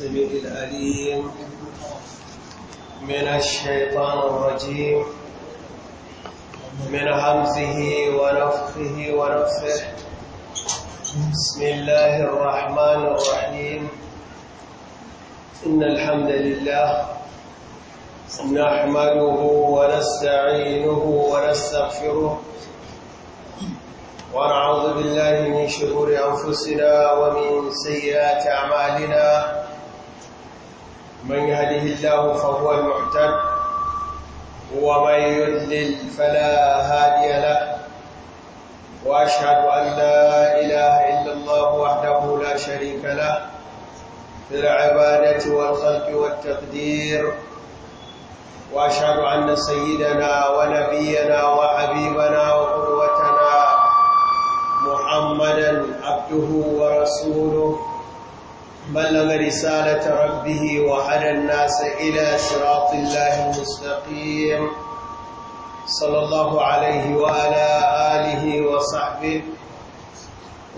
السميع العليم من الشيطان الرجيم من همزه ونفخه ونفخه بسم الله الرحمن الرحيم إن الحمد لله نحمده ونستعينه ونستغفره ونعوذ بالله من شرور أنفسنا ومن سيئات أعمالنا من يهده الله فهو المعتد ومن يضلل فلا هادي له وأشهد أن لا إله إلا الله وحده لا شريك له في العبادة والخلق والتقدير وأشهد أن سيدنا ونبينا وحبيبنا وقدوتنا محمدا عبده ورسوله بلغ رسالة ربه وهدى الناس إلى صراط الله المستقيم صلى الله عليه وعلى آله وصحبه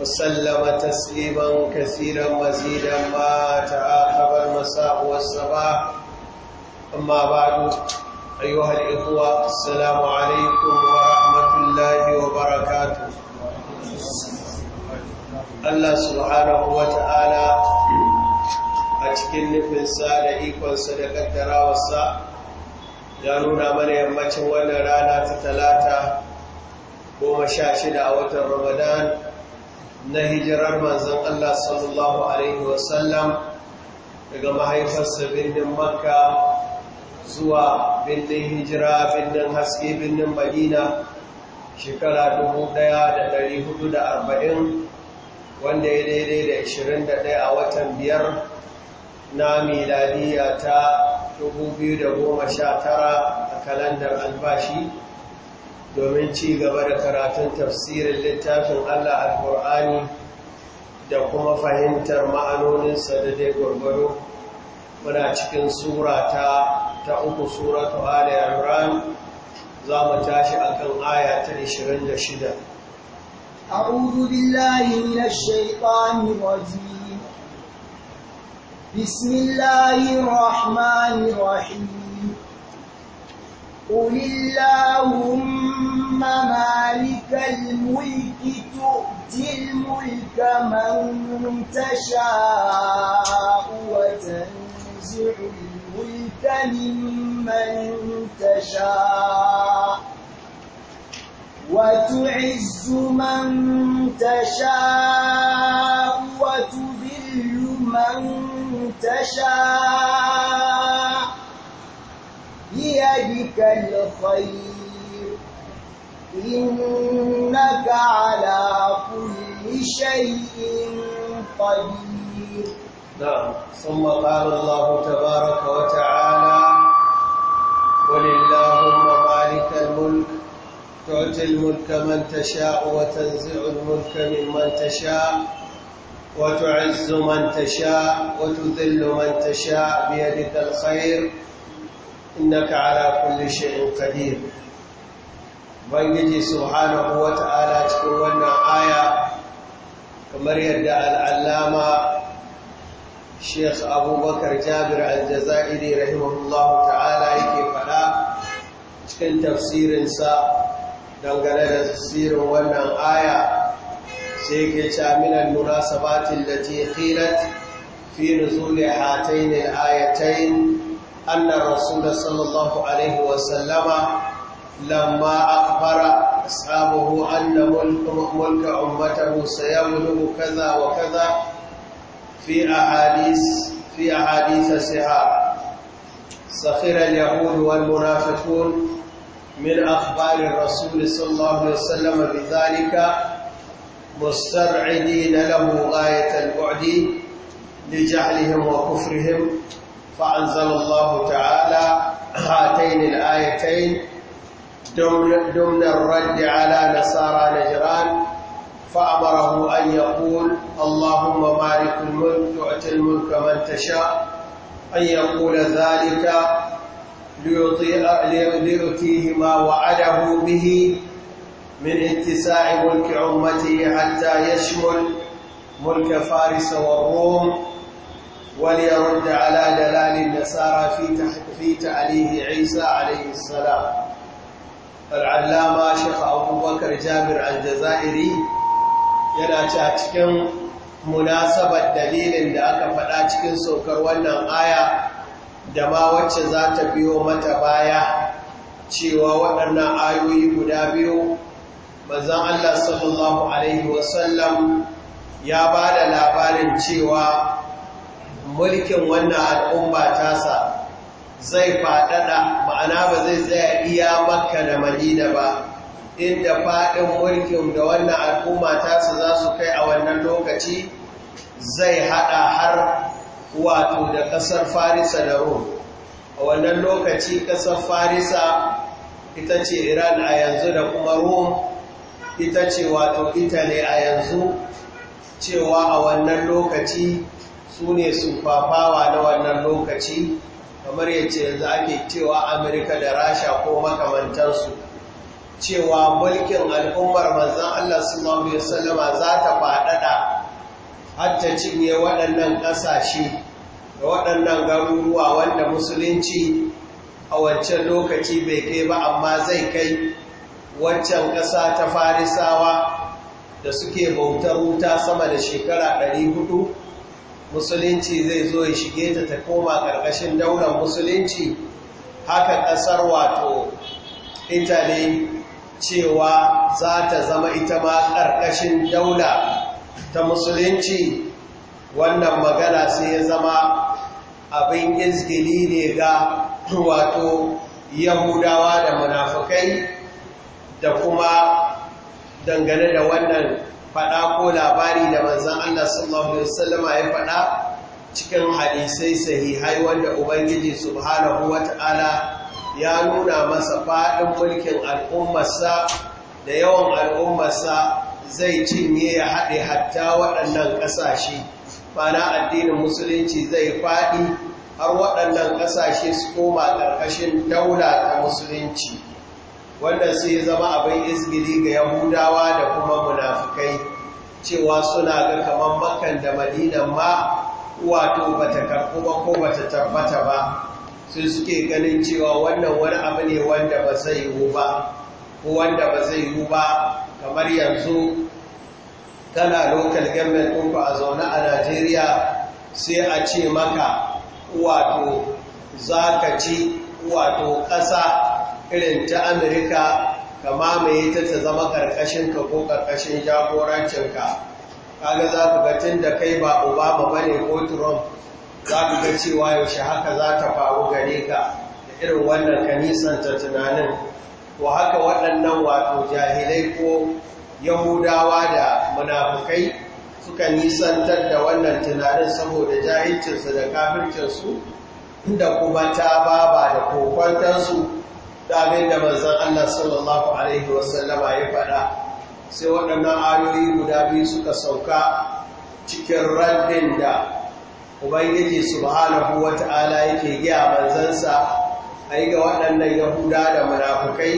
وسلم تسليما كثيرا مزيدا ما تعاقب المساء والصباح أما بعد أيها الإخوة السلام عليكم ورحمة الله وبركاته الله سبحانه وتعالى a cikin nufinsa da ikonsa da kaddarawarsa ya nuna mana yammacin wannan rana ta talata goma sha shida a watan ramadan na hijirar manzan Allah sallallahu Alaihi wasallam daga mahaifarsa birnin makka zuwa birnin hijira birnin haske birnin madina shekara 1440 wanda ya daidai da 21 a watan biyar na miladiya ta 2019 a kalandar albashi domin ci gaba da karatun tafsirin littafin Allah al-Qur'ani da kuma fahimtar ma'anoninsa da dai gwargwado muna cikin sura ta ta uku suratu Ali Imran za mu tashi akan aya ta 26 أعوذ بالله من الشيطان الرجيم بسم الله الرحمن الرحيم قل اللهم مالك الملك تؤتي الملك من تشاء وتنزع الملك ممن تشاء وتعز من تشاء وتذل من تشاء بيدك الخير إنك على كل شيء قدير نعم ثم قال الله تبارك وتعالى قل اللهم مالك الملك تعطي الملك من تشاء وتنزع الملك ممن تشاء وتعز من تشاء وتذل من تشاء بيدك الخير إنك على كل شيء قدير بنجي سبحانه وتعالى تكون ونا آية kamar yadda al'alama shek abubakar jabir al-jaza'iri rahimahullahu ta'ala yake faɗa cikin tafsirinsa dangane da tafsirin wannan aya sai ke ca minan sabatin da ce khilat fi nuzuli hatayn al-ayatayn anna rasul sallallahu alaihi wa sallama lamma akhbara ashabahu anna mulka ummatahu sayamlu kaza wa kaza fi a fi ahadith safiran yahudu اليهود والمنافقون من أخبار الرسول صلى الله عليه وسلم بذلك مستبعدين له غاية البعد لجهلهم وكفرهم فأنزل الله تعالى هاتين الآيتين ضمن الرد على نصارى نجران فأمره أن يقول اللهم مالك الملك تؤتي الملك من تشاء أن يقول ذلك ليطيع ليؤتيه ما وعده به من اتساع ملك أمته حتى يشمل ملك فارس والروم وليرد على دلال النصارى في في تعليه عيسى عليه السلام العلامة شيخ أبو بكر جابر الجزائري yana ta cikin munasabar dalilin da aka faɗa cikin saukar wannan aya da ma wacce za ta biyo mata baya cewa waɗannan ayoyi guda biyu manzan Allah sallallahu alaihi wasallam ya ba da labarin cewa mulkin wannan al'umma tasa zai faɗaɗa ma'ana ba zai zai iya makka da madina ba inda faɗin mulkin da wannan al'umma tasa za su kai a wannan lokaci zai haɗa har wato da ƙasar farisa da rom a wannan lokaci ƙasar farisa ita ce iran a yanzu da kuma rom ita ce wato ita ne a yanzu cewa a wannan lokaci su ne sufafawa na wannan lokaci kamar yace yanzu ake cewa amurka da rasha ko makamantarsu cewa mulkin al'ummar manzan allah sallallahu alaihi za ta faɗaɗa har ta cinye waɗannan ƙasashe da waɗannan garuruwa wanda musulunci a wancan lokaci bai kai ba amma zai kai waccan ƙasa ta farisawa da suke bautar wuta sama da shekara 400 musulunci zai zo ya shige ta ta koma ƙarƙashin daular musulunci haka ƙasar wato ne cewa za ta zama ita ma ƙarƙashin daula ta musulunci wannan magana sai ya zama abin izgili ne ga wato yahudawa da munafukai da kuma dangane da wannan fada ko labari da manzan Allah sallallahu Alaihi wasallama ya fada cikin hadisai sahihai wanda Ubangiji subhanahu wa ta'ala ya nuna masa fadin mulkin al'ummarsa da yawan al'ummarsa zai cinye ya haɗe hatta waɗannan ƙasashe na addinin musulunci zai faɗi har waɗannan ƙasashe su koma ƙarƙashin daula ta musulunci. wannan sai zama abin izgili ga yahudawa da kuma munafukai cewa suna ga kamar makan da madinan ma wato bata karɓu ba ko bata tabbata ba sai suke ganin cewa wannan wani abu ne wanda ba zai yiwu ba ko wanda ba zai yiwu ba kamar yanzu tana local government ɗinku a zaune a najeriya sai a ce maka wato za ka ci wato ƙasa irin ta Amerika ka mamaye ta ta zama karkashin ka ko karkashin jagorancin ka kaga za ku ga tun da kai ba Obama ne ko Trump za ku ga cewa yaushe haka za ta faru gare ka da irin wannan ta tunanin ko haka waɗannan wato jahilai ko yahudawa da munafukai suka nisantar da wannan tunanin saboda jahilcinsu da kafircinsu Inda kuma ta baba da kokwantarsu da abin da manzan Allah sallallahu Alaihi wasallama ya faɗa sai waɗannan ayoyi guda biyu suka sauka cikin raddin da Ubangiji subhanahu wa ta'ala yake giya manzansa a yi ga waɗannan Yahuda da munafukai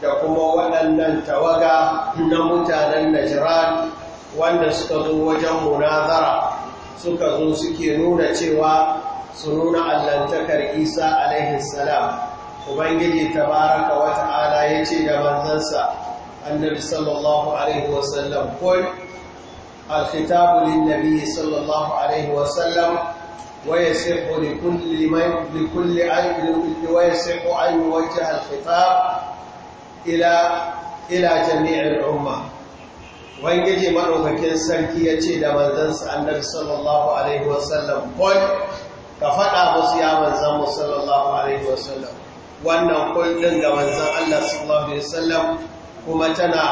da kuma waɗannan tawaga na mutanen Najiran wanda suka zo wajen munazara suka zo suke nuna cewa su nuna allantakar Isa alaihissalam ubangiji tabaraka wa ta'ala ya ce da manzansa annabi sallallahu alaihi wasallam ko alkitabu linnabi sallallahu alaihi wasallam waya sirhu li kulli ayyuki waya sirhu ayyu wajha alkitab ila ila jami'ar umma ubangiji maɗaukakin sarki ya ce da manzansa annabi sallallahu alaihi wasallam ko ka faɗa musu ya manzan mu sallallahu alaihi wannan kullun da manzan Allah sallallahu alaihi wasallam kuma tana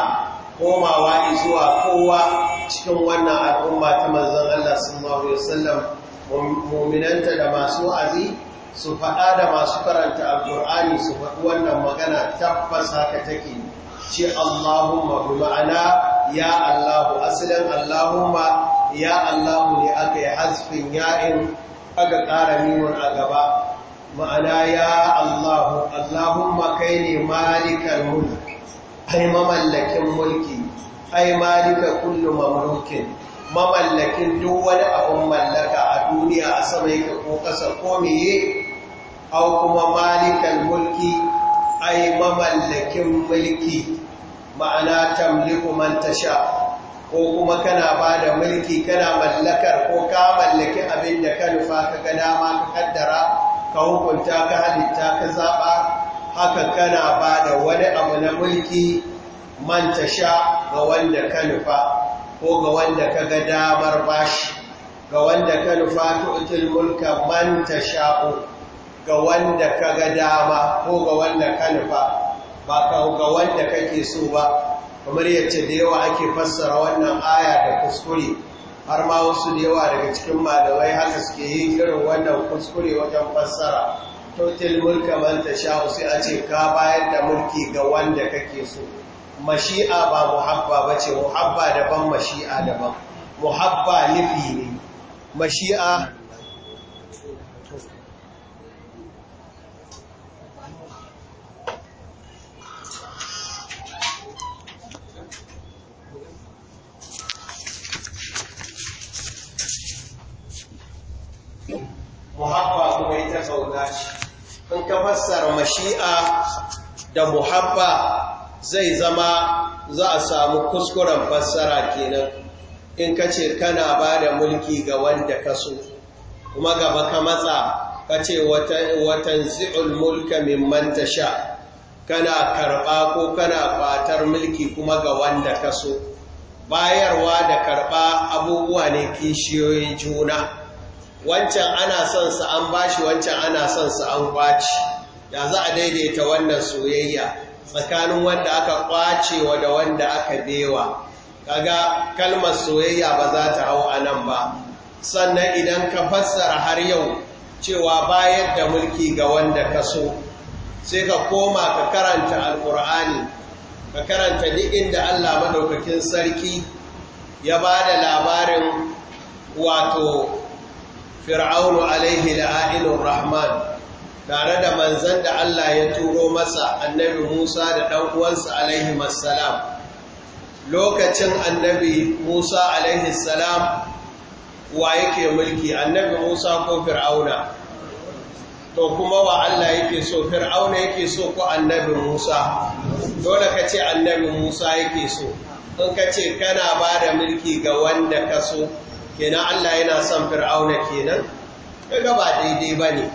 komawa zuwa kowa cikin wannan al'umma ta manzan Allah sallallahu alaihi wasallam mu'minanta da masu azi su faɗa da masu karanta al’ur'ani su faɗi wannan magana tabbas haka take ce Allahumma bi ma'ana ya Allahu aslan Allahumma ya Allahu ne aka yi hasfin ya'in aka ƙara mimun a gaba ma'ana ya Allahu, Allahumma kai ne malikar mulki, ai mamallakin mulki, ai malika kullu mamlukin, mamallakin duk wani abun mallaka a duniya a sama ko ƙasa ko meye, au kuma malikar mulki, ai mamallakin mulki, ma'ana tamliku tasha. ko kuma kana ba da mulki kana mallakar ko ka mallaki abin da ka nufa ka ga dama ka kaddara ka hukunta ka halitta ka zaɓa haka kana ba da wani abu na mulki manta sha ga wanda ka nufa ko ga wanda ka ga damar bashi ga wanda ka nufa tu'til mulka manta sha'o, ga wanda ka ga dama ko ga wanda ka nufa ba ka ga wanda kake so ba kamar yace da yawa ake fassara wannan aya da kuskure har ma wasu da yawa daga cikin malamai haka suke yi irin wannan kuskure wajen fassara totil mulka manta sha sai a ce ka bayar da mulki ga wanda kake so mashi'a ba muhabba bace muhabba daban mashi'a daban muhabba nufi ne mashi'a muhabba kuma ita kauna ce in ka fassara mashi'a da muhabba zai zama za a samu kuskuren fassara kenan in ka ce kana ba da mulki ga wanda ka so kuma gaba ka matsa ka ce watan zi'ul mulka min manta sha kana karɓa ko kana ƙwatar mulki kuma ga wanda ka so bayarwa da karɓa abubuwa ne kishiyoyin juna wancan ana son sa an bashi wancan ana son sa an kwaci da za a daidaita wannan soyayya tsakanin wanda aka kwacewa da wanda aka bewa kaga kalmar soyayya ba za ta hau a nan ba sannan idan ka fassara har yau cewa bayar da mulki ga wanda ka so sai ka koma ka karanta alkur'ani ka karanta duk inda Allah madaukakin sarki ya ba da labarin wato fir'aunu alaihi la'ainur rahman tare da manzan da Allah ya turo masa annabi Musa da ɗan uwansa alaihi masalam lokacin annabi Musa alaihi salam wa yake mulki annabi Musa ko fir'auna to kuma wa Allah yake so fir'auna yake so ko annabi Musa dole ka ce annabi Musa yake so in ka ce kana ba da mulki ga wanda ka so kenan Allah yana son fir'auna kenan kaga ba daidai ba ne.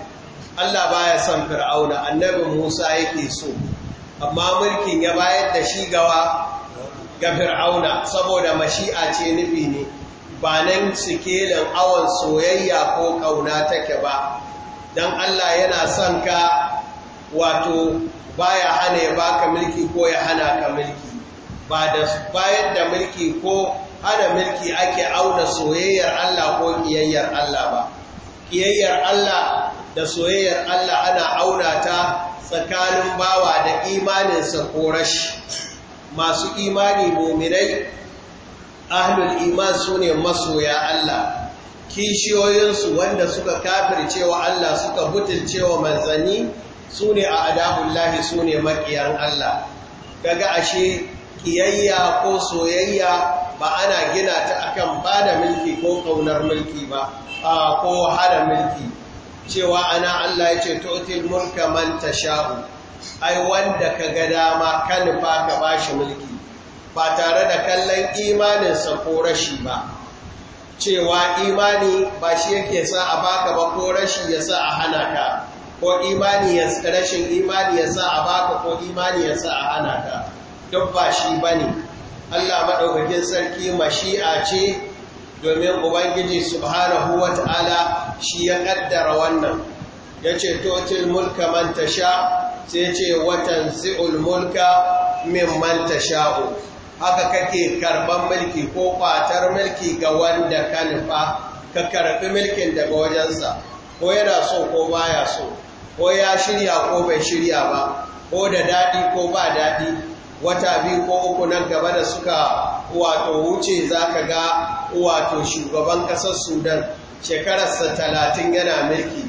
Allah baya son fir'auna annabi Musa yake so amma mulkin ya bayar da shi gawa ga fir'auna saboda mashi'a ce nufi ne ba nan sikelin awon soyayya ko kauna take ba dan Allah yana son ka wato ba ya hana ya baka mulki ko ya hana ka mulki ba da bayar da mulki ko hana milki ake auna soyayyar Allah ko ƙiyayyar Allah ba ƙiyayyar Allah da soyayyar Allah ana auna ta tsakanin bawa da imaninsa ko rashi masu imani muminai ahlul iman sune masoya Allah kishiyoyinsu wanda suka kafircewa Allah suka butulcewa manzanni sune a adabullahi ne makiyan Allah daga ashe ƙiyayya, ko soyayya ba ana gina ta akan bada mulki ko kaunar mulki ba ko hada mulki cewa ana Allah ya ce totil mulka man tasha'u ai wanda ka ga dama kan ba ka bashi mulki ba tare da kallon imaninsa ko rashi ba cewa imani ba shi yake sa a baka ba ko rashi ya sa a hana ka ko imani ya rashin imani ya sa a baka ko imani ya sa a hana ka duk ba shi bane Allah maɗaukakin sarki mashi'a ce domin Ubangiji subhanahu wa ta'ala shi ya ƙaddara wannan ya ce totin mulka man sha, sai ce watan zi'ul mulka min man sha'u. haka kake karɓar mulki ko ƙwatar mulki ga wanda ka nufa ka karɓi mulkin daga wajensa ko yana so ko baya so ko ya shirya ko bai shirya ba ko da daɗi ko ba daɗi wata biyu ko uku nan gaba da suka wato wuce za ka ga wato shugaban ƙasar sudan shekararsa talatin yana mulki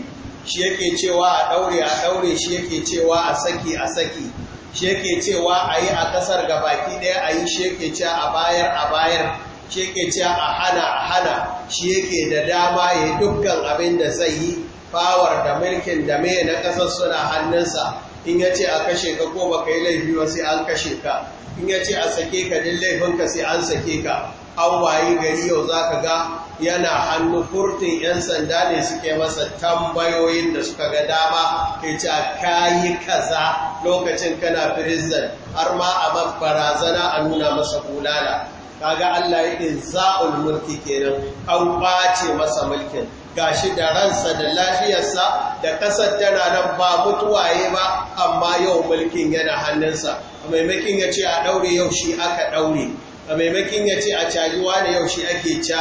shi yake cewa a ɗaure a ɗaure shi yake cewa a saki a saki shi yake cewa a yi a ƙasar gabaki ɗaya a yi shi yake cewa a bayar a bayar shi yake cewa a hana a hana shi yake da dama ya dukkan abin da zai yi fawar da mulkin da mai na ƙasar suna hannunsa in ya ce a kashe ka ko ba ka yi laifi ba sai an kashe ka in ya ce a sake ka din ka sai an sake ka an wayi gari yau za ka ga yana hannu furtin 'yan sanda ne suke masa tambayoyin da suka ga dama ke ce ka yi kaza lokacin kana prison har ma a barazana a nuna masa Ka ga Allah ya in za'ul mulki kenan an ɓace masa mulkin gashi da ransa da lafiyarsa da kasar tana nan ba mutuwaye ba amma yau mulkin yana hannunsa a maimakin ya ce a ɗaure yau shi aka ɗaure a maimakin ya ce a caji da yau shi ake caji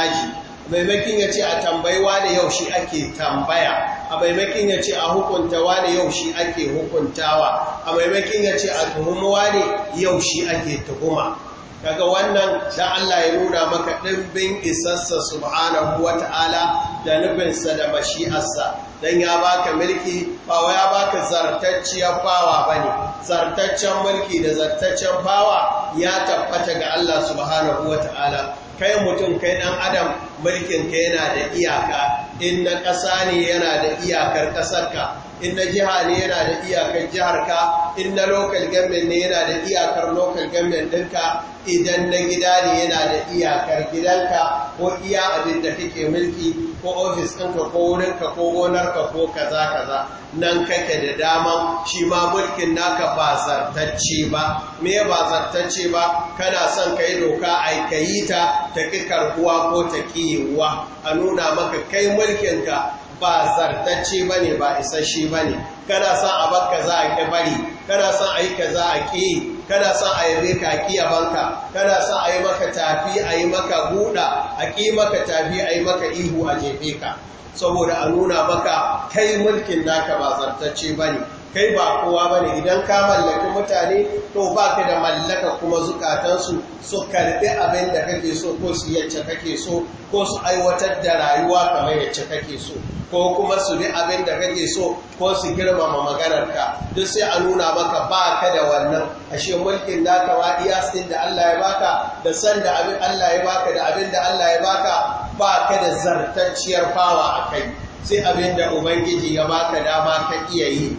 a maimakin ya ce a tambayi da yau shi ake tambaya a maimakin ya ce a hukunta da yau shi ake hukuntawa a maimakin ya ce a tuhumuwa ne yau shi ake tuhuma kaga wannan da Allah ya nuna maka ɗimbin isassa subhanahu wata'ala da nufinsa da mashi'arsa don ya baka mulki bawa ya baka zartacciyar bawa ne, zartaccen mulki da zartaccen bawa ya tabbata ga Allah subhanahu wata'ala kai mutum kai ɗan adam mulkin ka yana da iyaka in na ƙasa ne yana da iyakar ƙasarka in na jiha ne yana da iyakar jihar ka in na local government ne yana da iyakar local government ɗinka idan na gida ne yana da iyakar gidanka ko iya abin da kake mulki ko ofis ɗinka ko wurinka ko gonarka ko kaza kaza nan kake da dama shi ma mulkin naka ba zartacce ba me ba zartacce ba kana son ka yi doka ai ka yi ta ta ki karɓuwa ko ta ƙi a nuna maka kai mulkinka ba zartacce ba ne ba isasshe ba ne kana san a baka za a ƙi bari kana san a yi ka za a ƙi kana san a yi reka a ƙi a banka kana san a yi maka tafi a yi maka buɗa a ƙi maka tafi a yi maka ihu a jefe ka saboda a nuna baka, kai mulkin naka ba zartacce ba ne kai ba kowa bane idan ka mallaki mutane to ba ka da mallaka kuma zukatansu su karbi abin da kake so ko su yacce kake so ko su aiwatar da rayuwa kamar yacce kake so ko kuma su bi abin da kake so ko su girmama maganarka duk sai a nuna maka ba ka da wannan ashe mulkin da ka ba iyasin da Allah ya baka da san da abin Allah ya baka da abin da Allah ya baka ba ka da zartacciyar fawa a kai sai abin da ubangiji ya baka dama ka iya yi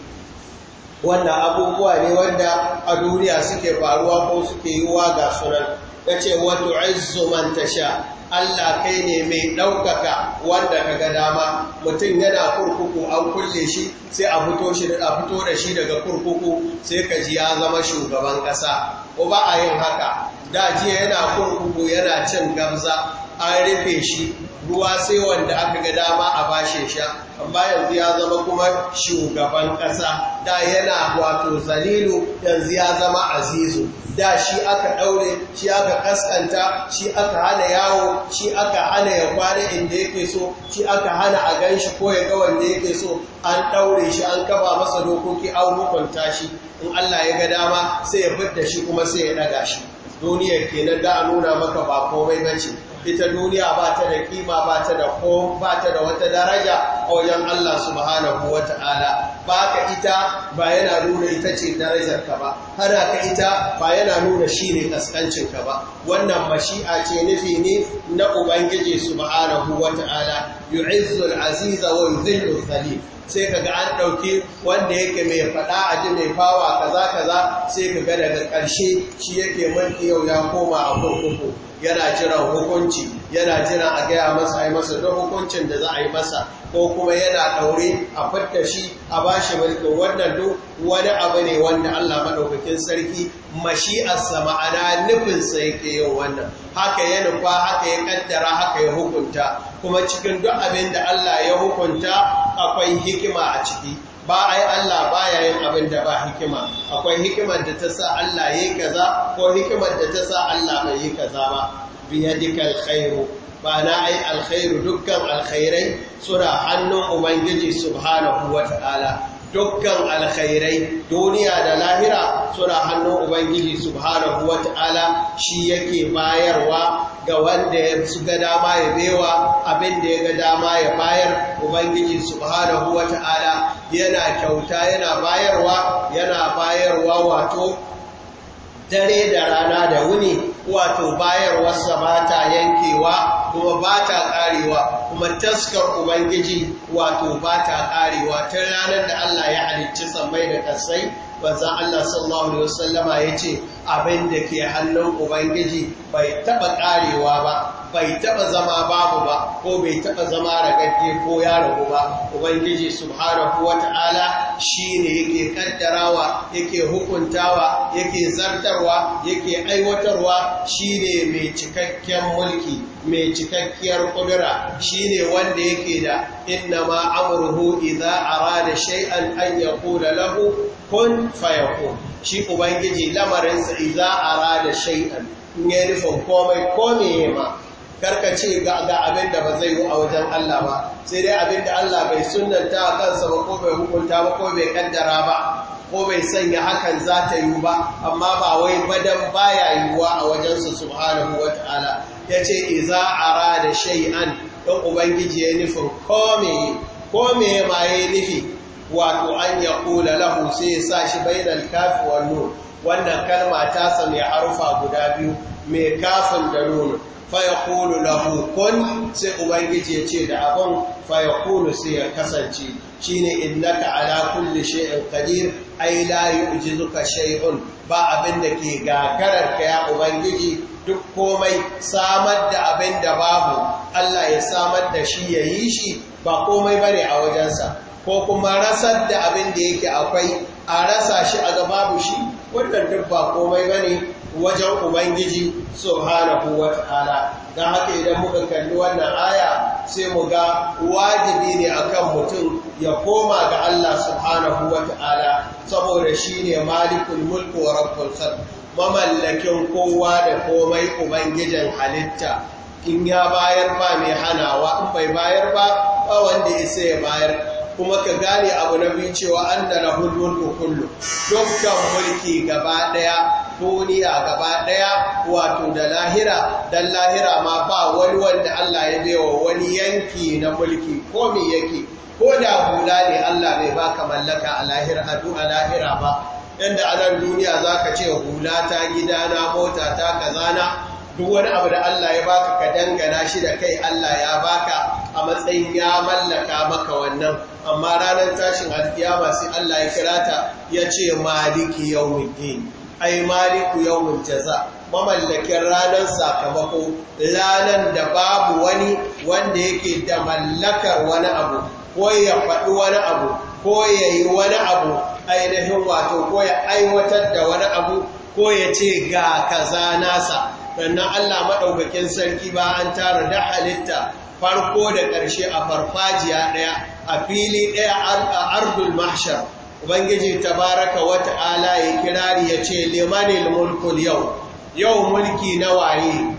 wannan abubuwa ne wanda a duniya suke faruwa ko suke yiwuwa ga sunan ya ce wato izzu man tasha Allah kai ne mai ɗaukaka wanda ka ga dama mutum yana kurkuku an kulle shi sai a fito a fito da shi daga kurkuku sai ka ji ya zama shugaban ƙasa ko ba a yin haka da jiya yana kurkuku yana cin gamza an rufe shi ruwa sai wanda aka ga dama a bashe sha amma yanzu ya zama kuma shugaban ƙasa da yana wato zalilu yanzu ya zama azizu da shi aka ɗaure shi aka ƙasƙanta shi aka hana yawo shi aka hana ya kwana inda yake so shi aka hana a gan shi ko ya ga wanda yake so an ɗaure shi an kafa masa dokoki a hukunta shi in Allah ya ga dama sai ya fitta shi kuma sai ya ɗaga shi duniyar kenan da a nuna maka ba komai bace ita duniya ba ta da kima ba ta da ko ba ta da wata daraja a wajen Allah subhanahu wata'ala ba ka ita ba yana nuna ita ce darajar ka ba hana ka ita ba yana nuna shi ne kaskancin ka ba wannan mashi'a ce nufi ne na ubangiji subhanahu wata'ala yu'izzul aziza wa sai kaga an ɗauki wanda yake mai faɗa a ji mai fawa kaza kaza sai kaga daga ƙarshe shi yake mulki yau ya koma a kurkuku yana jiran hukunci yana jira a gaya masa a yi masa don hukuncin da za a yi masa ko kuma yana ɗaure a fadda shi a ba shi mulkin wannan duk wani abu ne wanda Allah maɗaukakin sarki mashi'arsa ma'ana nufinsa yake yin wannan haka ya nufa haka ya ƙaddara haka ya hukunta kuma cikin duk abin da Allah ya hukunta akwai hikima a ciki ba a Allah ba ya yin abin da ba hikima akwai hikimar da ta sa Allah ya yi kaza ko hikimar da ta sa Allah bai yi kaza ba biyadikal khairu ma'ana ai alkhairu dukkan alkhairai suna hannun ubangiji subhanahu wata'ala dukkan alkhairai duniya da lahira suna hannun ubangiji subhanahu wata'ala shi yake bayarwa ga wanda ya ga dama ya bewa abin da ya ga dama ya bayar ubangiji subhanahu wata'ala yana kyauta yana bayarwa yana bayarwa wato dare da rana da wuni wato bayarwarsa ba ta yankewa kuma ba ta ƙarewa kuma taskar ubangiji wato ba ta ƙarewa Tun ranar da Allah ya halicci sammai da ƙasai banzan Allah sallallahu Alaihi wasallama ya ce abin da ke hannun ubangiji bai taɓa ƙarewa ba bai taba zama babu ba ko bai taba zama ragagge ko ya ragu ba ubangiji subhanahu wata'ala shine yake kaddarawa yake hukuntawa yake zartarwa yake aiwatarwa shine mai cikakken mulki mai cikakkiyar kudura shine wanda yake da innama amruhu idza arada shay'an an yaqula lahu kun fayakun shi ubangiji lamarinsa idza arada shay'an in ya nufin komai ko mai ma karka ce ga ga abin da ba zai yi a wajen Allah ba sai dai abin da Allah bai sunanta a kansa ba ko bai hukunta ba ko bai kaddara ba ko bai sanya hakan za ta yi ba amma ba wai badan baya yiwuwa a su subhanahu ta'ala ya ce iza da shay'an don ubangiji ya nufin kome kome ma ya nufi wato an ya kula lahu sai ya sa shi bainal kafi wal wannan kalma ta sami harufa guda biyu mai kafin da nuna fayakulu na hukun sai ubangiji ya ce da abin fayakulu sai ya kasance Shi shine innaka ala kulli shay'in qadir layi uji zuka shay'un ba abin da ke gagarar ka ya ubangiji duk komai samar da abin da babu Allah ya samar da shi ya yi shi ba komai bane a wajensa ko kuma rasar da abin da yake akwai a rasa shi a gaba babu shi wannan duk ba komai bane wajen ubangiji subhanahu wataala dan haka idan muka kalli wannan aya sai mu ga wajibi ne akan mutum ya koma ga Allah subhanahu wataala saboda shine malikul mulk wa rabbul mamallakin kowa da komai ubangijin halitta in ya bayar ba mai hanawa in bai bayar ba ba wanda ya ya bayar kuma ka gane abu na biyu cewa an da na hulmulku kullu dukkan mulki gaba daya duniya gaba daya wato da lahira dan lahira ma ba wani wanda Allah ya wa wani yanki na mulki ko me yake ko da hula ne Allah bai baka mallaka a lahira a lahira ba inda a duniya duniya zaka ce hula ta gidana mota ta kazana duk wani abu da Allah ya baka ka dangana shi da kai Allah ya baka a matsayin ya mallaka maka wannan amma ranar tashin alkiyama masu Allah ya kira ta ya ce maliki yawmiddin ai maliku yawmil jaza mamallakin ranar sakamako ranar da babu wani wanda yake da mallakar wani abu ko ya faɗi wani abu ko ya yi wani abu ainihin wato ko ya aiwatar da wani abu ko ya ce ga kaza nasa sannan Allah maɗaukakin sarki ba an tara da halitta farko da ƙarshe a farfajiya ɗaya a fili ɗaya a ardul mahshar ubangiji tabaraka Ala ya kirari ya ce limanil mulkul yau yau mulki na waye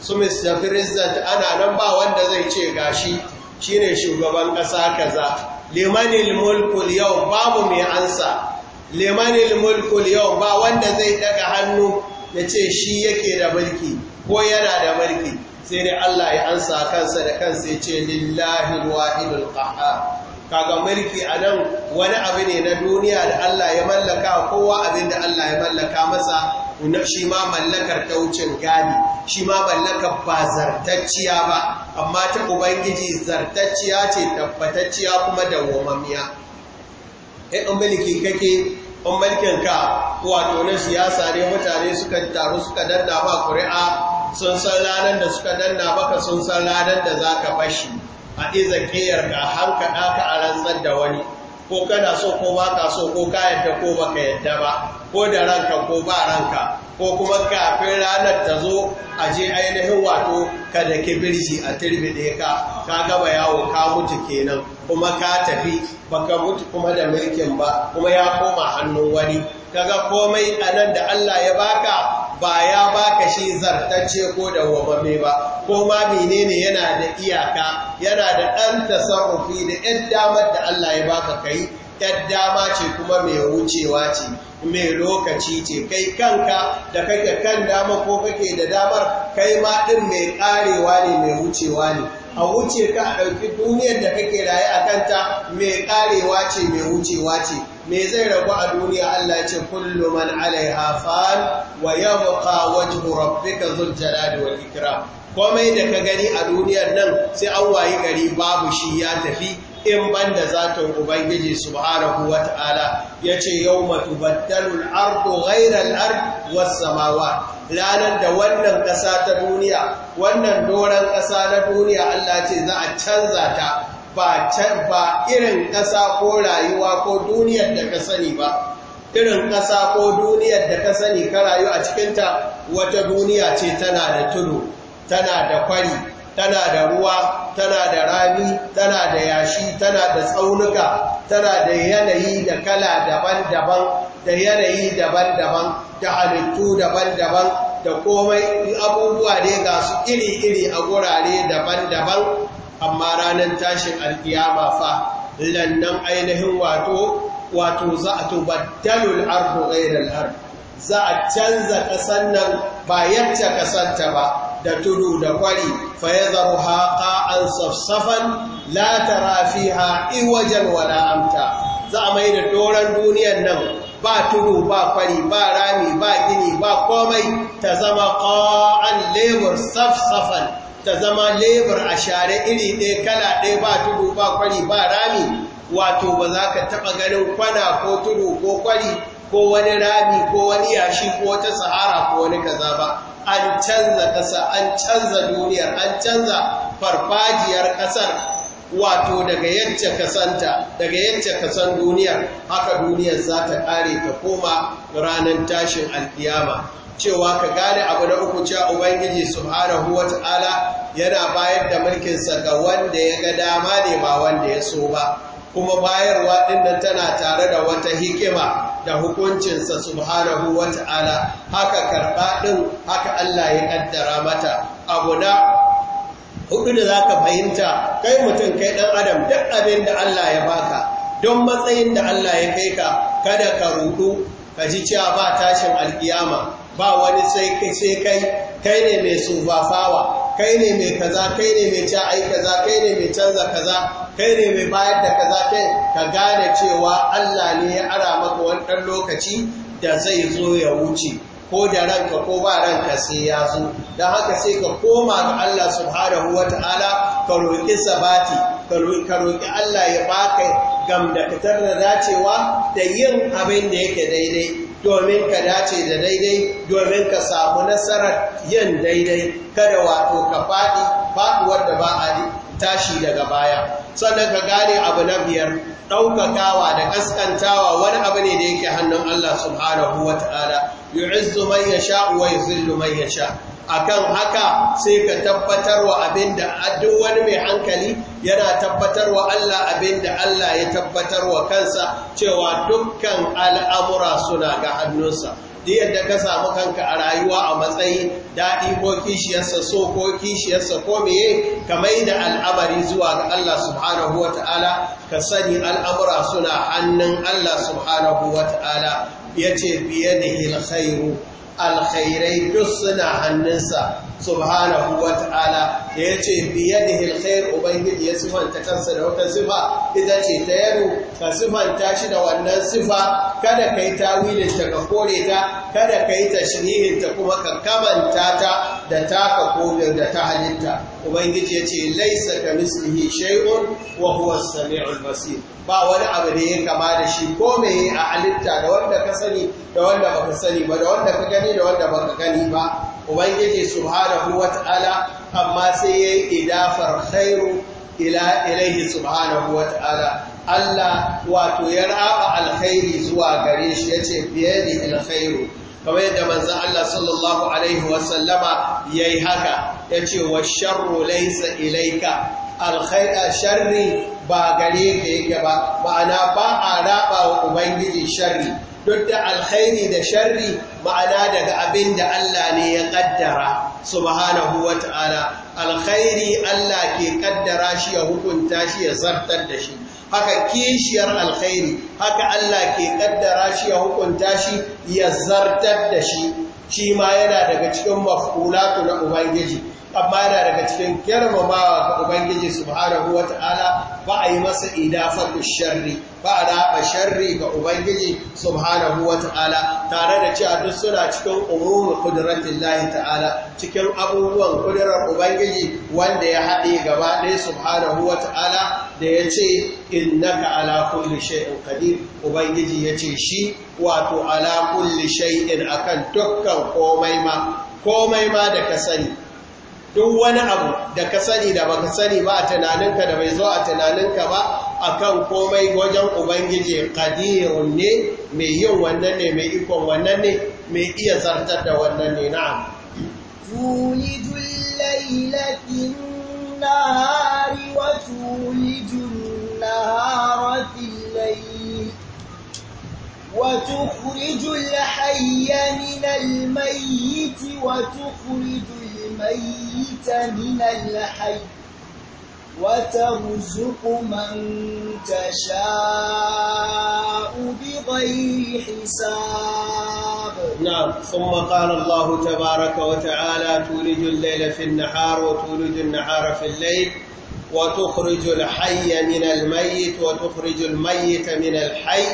su mr president ana nan ba wanda zai ce gashi shine shugaban ƙasa kaza limanil mulkul yau babu mai ansa limanil mulkul yau ba wanda zai daga hannu ya ce shi yake da mulki ko yana da mulki sai dai Allah ya ansa kansa da kansa ya ce lillahi wahidul qahhar kaga mulki a nan wani abu ne na duniya da Allah ya mallaka kowa abin da Allah ya mallaka masa shi ma mallakar ta wucin gadi shi ma mallakar ba zartacciya ba amma ta ubangiji zartacciya ce tabbatacciya kuma dawwamammiya eh mulki kake mulkin mulkinka wato na siyasa ne mutane suka taru suka danna ba ƙuri'a sun san ranar da suka danna baka sun san ranar da za ka bashi a iza ƙiyarka har ka ɗaka a rantsar da wani ko kana so ko ba ka so ko ka yadda ko ba ka yadda ba ko da ranka ko ba ranka ko kuma kafin ranar ta zo a je ainihin wato ka da birji a turbide ka ka gaba yawo ka mutu kenan kuma ka tafi baka mutu kuma da mulkin ba kuma ya koma hannun wani kaga komai a nan da Allah ya baka ba ya baka shi zartacce ko da wabame ba ko ma menene yana da iyaka yana da ɗan tasarrufi da ɗan damar da Allah ya baka kai ɗan dama ce kuma mai wucewa ce mai lokaci ce kai kanka da kake kan dama ko kake da damar kai ma ɗin mai ƙarewa ne mai wucewa ne a wuce ka a ɗauki duniyar da kake raye a kanta mai ƙarewa ce mai wucewa ce me zai rabu a duniya Allah ce kullu man alaiha fan wa yabqa wajhu rabbika dhul jalali wal ikram komai da ka gani a duniyar nan sai an wayi gari babu shi ya tafi in banda zaton ubangiji subhanahu wata'ala yace yawma tubaddalu al-ardu ghayra al-ard was ranar da wannan ƙasa ta duniya wannan doron ƙasa na duniya Allah ce za a canza ta ba irin ƙasa ko rayuwa ko duniyar da ka sani ba irin ƙasa ko duniyar da ka sani ka rayu a cikinta wata duniya ce tana da tudu tana da kwari tana da ruwa tana da rami tana da yashi tana da tsaunuka tana da yanayi da kala daban-daban da yanayi daban-daban da halittu daban-daban da komai abubuwa ne ga su iri-iri a gurare daban-daban amma ranar tashin alkiyama fa lannan ainihin wato wato za a tubaddalul ardu ghairil ard za a canza kasan nan ba yacce kasanta ba da tudu da kwari fa yadharuha an safsafan la tara fiha iwajan wala amta za a mai da doran duniyar nan ba tudu ba kwari ba rami ba gini ba komai ta zama ƙa'an lebur safsafan ta zama lebur a share iri ɗaya kala ɗaya ba tudu ba kwari ba rami wato ba za ka taɓa ganin kwana ko tudu ko kwari ko wani rami ko wani yashi ko wata sahara ko wani kaza ba an canza ƙasa an canza duniyar an canza farfajiyar ƙasar wato daga yacce ka santa daga yacce ka san duniyar haka duniyar za ta kare ta koma ranar tashin alkiyama cewa ka gane abu na uku cewa ubangiji subhanahu wata'ala yana bayar da mulkinsa ga wanda ya ga dama ne ba wanda ya so ba kuma bayarwa ɗinnan tana tare da wata hikima da hukuncinsa subhanahu wata'ala haka karɓa ɗin haka Allah ya ƙaddara mata abu na hudu da za ka fahimta kai mutum kai ɗan adam duk abin da Allah ya baka don matsayin da Allah ya kai ka kada ka rudu ka ji cewa ba tashin alkiyama ba wani sai kai kai ne mai sufafawa kai ne mai kaza kai ne mai ca ai kaza kai ne mai canza kaza kai ne mai bayar da kaza kai ka gane cewa Allah ne ya ara maka wani ɗan lokaci da zai zo ya wuce ko da ranka ko ba ranka sai ya zo don haka sai ka koma ga Allah subhanahu ta'ala ka roƙi sabati ka roƙi Allah ya baka gam da dacewa da yin abin da yake daidai domin ka dace da daidai domin ka samu nasarar yin daidai kada wato ka faɗi faɗuwar da ba a tashi daga baya sannan ka gane abu na biyar ɗaukakawa da ƙaskantawa wani abu ne da yake hannun Allah subhanahu ta'ala yu'izzu man yasha wa yuzillu man yasha akan haka sai ka tabbatarwa abinda duk wani mai hankali yana tabbatar wa Allah abinda Allah ya tabbatar wa kansa cewa dukkan al'amura suna ga hannunsa duk yadda ka samu kanka a rayuwa a matsayi daɗi ko kishiyarsa so ko kishiyarsa ko meye ka mai da al'amari zuwa ga Allah subhanahu wa ta'ala ka sani al'amura suna hannun Allah subhanahu wa ta'ala يتي بيده الخير الخيرين بصنع النساء subhanahu wa ta'ala da yace ce da ubangiji ya sifanta kansa da wata sifa ita ce ta yaro ka sifanta shi da wannan sifa kada ka yi tawilinta ka kore ta kada ka yi tashrihinta kuma ka kamanta ta da taka kogin da ta halitta ubangiji yace laisa ka mislihi shay'un wa huwa as-sami'ul basir ba wani abu da ya kama da shi ko me a halitta da wanda ka sani da wanda baka sani ba da wanda ka gani da wanda baka gani ba ubangiji subhanahu wata'ala amma sai ya yi idafar khairu ila ilaihi subhanahu wata'ala Allah wato ya raba alkhairi zuwa gare shi yace biyadi alkhairu kamar yadda manzon Allah sallallahu alaihi wasallama yayi haka yace washarru laysa ilaika alkhair sharri ba gare ka yake ba ma'ana ba a raba wa ubangiji sharri duk da alkhairi da sharri ma'ana daga abin da Allah ne ya kaddara subhanahu wata'ala alkhairi Allah ke kaddara shi ya hukunta shi ya zartar da shi haka kishiyar alkhairi haka Allah ke kaddara shi ya hukunta shi ya zartar da shi shi ma yana daga cikin mafkulatu na ubangiji amma yana daga cikin girmamawa ga ubangiji subhanahu ta'ala, ba a yi masa idafatu sharri ba a raba sharri ga ubangiji subhanahu wata'ala tare da a duk suna cikin umurul qudratillahi ta'ala cikin abubuwan kudurar ubangiji wanda ya haɗe gaba ɗaya subhanahu wata'ala da ya ce innaka ala kulli shay'in qadir ubangiji ya ce shi wato ala kulli shay'in akan dukkan komai ma komai ma da ka sani duk wani abu da ka sani da baka sani ba a tunaninka da bai zo a tunaninka ba akan komai wajen ubangiji kadirun ne mai yin wannan ne mai ikon wannan ne mai iya zartar da wannan ne na'am tulijul layla na hari wa tulijun nahara fil na وتخرج الحي من الميت وتخرج الميت أنت من الحي وترزق من تشاء بغير حساب نعم ثم قال الله تبارك وتعالى تولج الليل في النهار وتولج النهار في الليل وتخرج الحي من الميت وتخرج الميت من الحي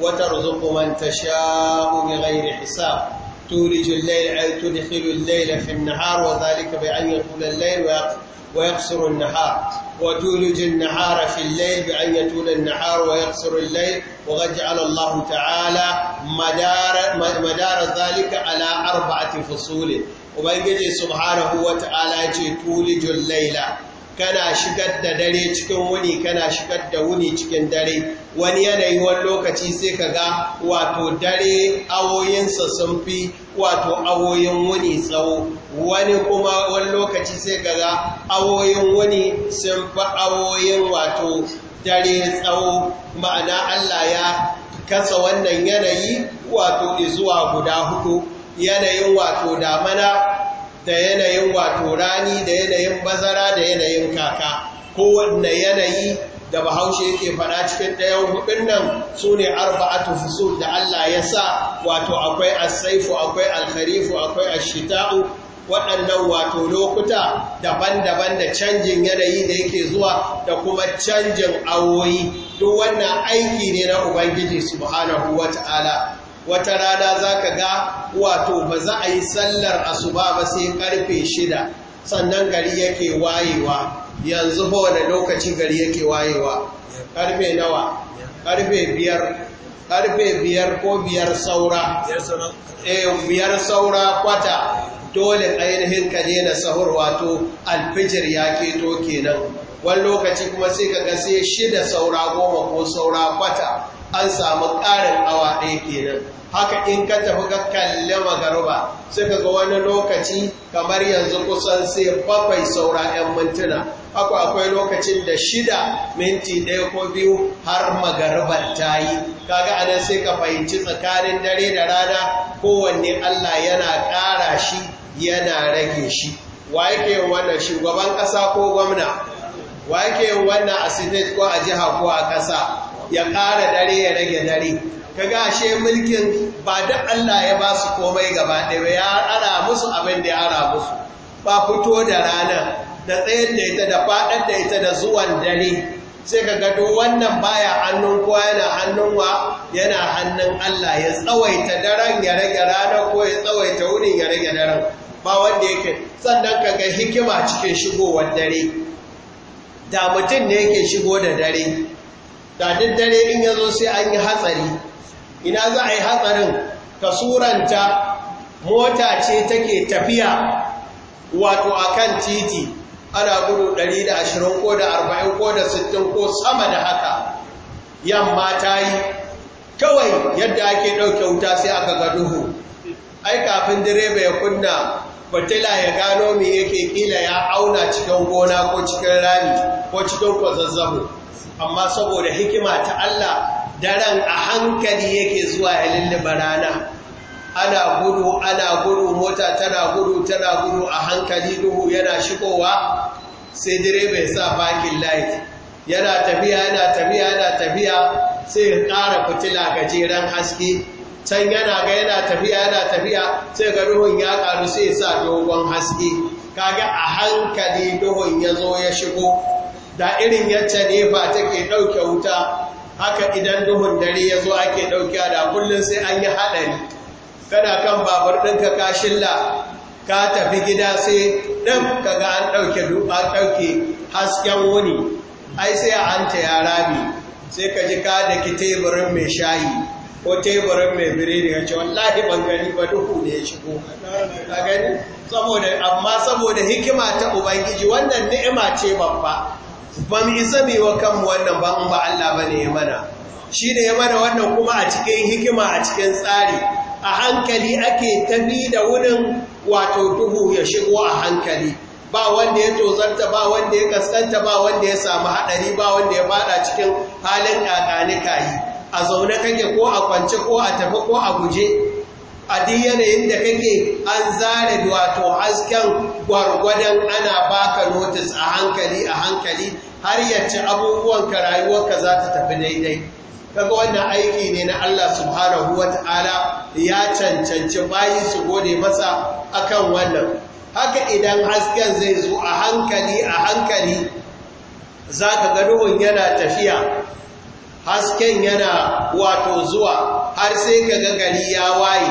وترزق من تشاء بغير حساب تولج الليل أي تدخل الليل في النهار وذلك بأن يطول الليل ويقصر النهار وتولج النهار في الليل بأن يطول النهار ويقصر الليل وقد جعل الله تعالى مدار, مدار ذلك على أربعة فصول وبنجي سبحانه وتعالى تولج الليل kana shigar da dare cikin wuni kana shigar da wuni cikin dare wani yanayi wani lokaci sai ka ga wato dare awoyinsa sun fi wato awoyin wuni tsawo wani kuma wani lokaci sai ka ga awoyin wuni sun fi awoyin wato dare tsawo ma'ana Allah ya kasa wannan yanayi wato zuwa guda hudu yanayin wato damana da yanayin wato rani da yanayin bazara da yanayin kaka kowanne yanayi da bahaushe yake fara cikin ɗayan hudun nan su ne arba'atu fusul da Allah ya sa wato akwai asaifu akwai alkharifu akwai ashita'u waɗannan wato lokuta daban-daban da canjin yanayi da yake zuwa da kuma canjin awoyi duk wannan aiki ne na Ubangiji subhanahu wata'ala wata rana za ka ga wato ba za a yi sallar asuba ba sai karfe shida sannan gari yake wayewa yanzu ba wani lokaci gari yake wayewa karfe nawa karfe biyar karfe biyar ko biyar saura eh, biyar saura kwata dole ainihin ka daina sahur wato alfijir ya keto kenan wani lokaci kuma sai ka ga sai shida saura goma ko saura kwata an samu ƙarin awa ɗaya kenan haka in ka tafi ka kalli magaruba suka ga wani lokaci kamar yanzu kusan sai bakwai saura 'yan mintuna haka akwai lokacin da shida minti ɗaya ko biyu har magarubar ta yi kaga anan sai ka fahimci tsakanin dare da rana kowanne allah yana ƙara shi yana rage shi wa yake wannan shugaban ƙasa ko gwamna wa yake wannan a senate ko a jiha ko a ƙasa ya ƙara dare ya rage dare kaga ashe mulkin ba da Allah ya ba su komai gaba ɗaya ya ara musu abin da ya ara musu ba fito da ranar da tsayin da ita da faɗar da ita da zuwan dare sai ka gado wannan baya hannun kuwa yana hannun wa yana hannun Allah ya tsawaita daren ya rage ranar ko ya tsawaita wurin ya rage daren ba wanda yake sannan ka ga hikima cikin shigowar dare da mutum ne yake shigo da dare da daddare in yazo sai an yi hatsari ina za a yi hatsarin ka suranta mota ce take tafiya wato akan titi ana gudu 120 ko da 40 ko da 60 ko sama da haka yamma ta yi kawai yadda ake ɗauke wuta sai aka ga duhu ai kafin direba ya kunna fatila ya gano me yake kila ya auna cikin gona ko cikin rami ko cikin kwazazzabo amma saboda hikima ta Allah daren a hankali yake zuwa ya rana ana gudu ana gudu mota tana gudu tana gudu a hankali duhu yana shigowa sai direba ya sa bakin light yana tafiya yana tafiya yana tafiya sai ya ƙara fitila gajeren haske can yana ga yana tafiya yana tafiya sai ga duhun ya ƙaru sai ya sa dogon haske kaga a hankali duhun ya zo ya shigo da irin yacce ta take ɗauke wuta haka idan duhun dare ya zo ake ɗauke da kullum sai an yi haɗari kana kan babur ɗinka ka shilla ka tafi gida sai ɗan kaga an ɗauke hasken wuni ai sai a an ya yara ne sai ka ji ka da ki teburin mai shayi ko teburin mai biredi ka ce wallahi ban gani ba duhu ne ya shigo ka gani saboda amma saboda hikima ta ubangiji wannan ni'ima ce babba ba mu isa mai wa kanmu wannan ba ba Allah ba ne ya mana shi da ya mana wannan kuma a cikin hikima a cikin tsari a hankali ake tafi da wurin wato duhu ya shigo a hankali ba wanda ya tozarta ba wanda ya kaskanta ba wanda ya samu haɗari ba wanda ya fada cikin halin ƙaƙanika yi a zaune kake ko a kwance ko a tafi ko a guje a duk yanayin da kake an zare wato hasken gwargwadon ana baka notis a hankali a hankali har yace abubuwanka rayuwarka za ta tafi daidai kaga wannan aiki ne na Allah subhanahu wata'ala ya cancanci bayin su gode masa akan wannan haka idan hasken zai zo a hankali a hankali za ka ga duhun yana tafiya hasken yana wato zuwa har sai ka ga gari ya waye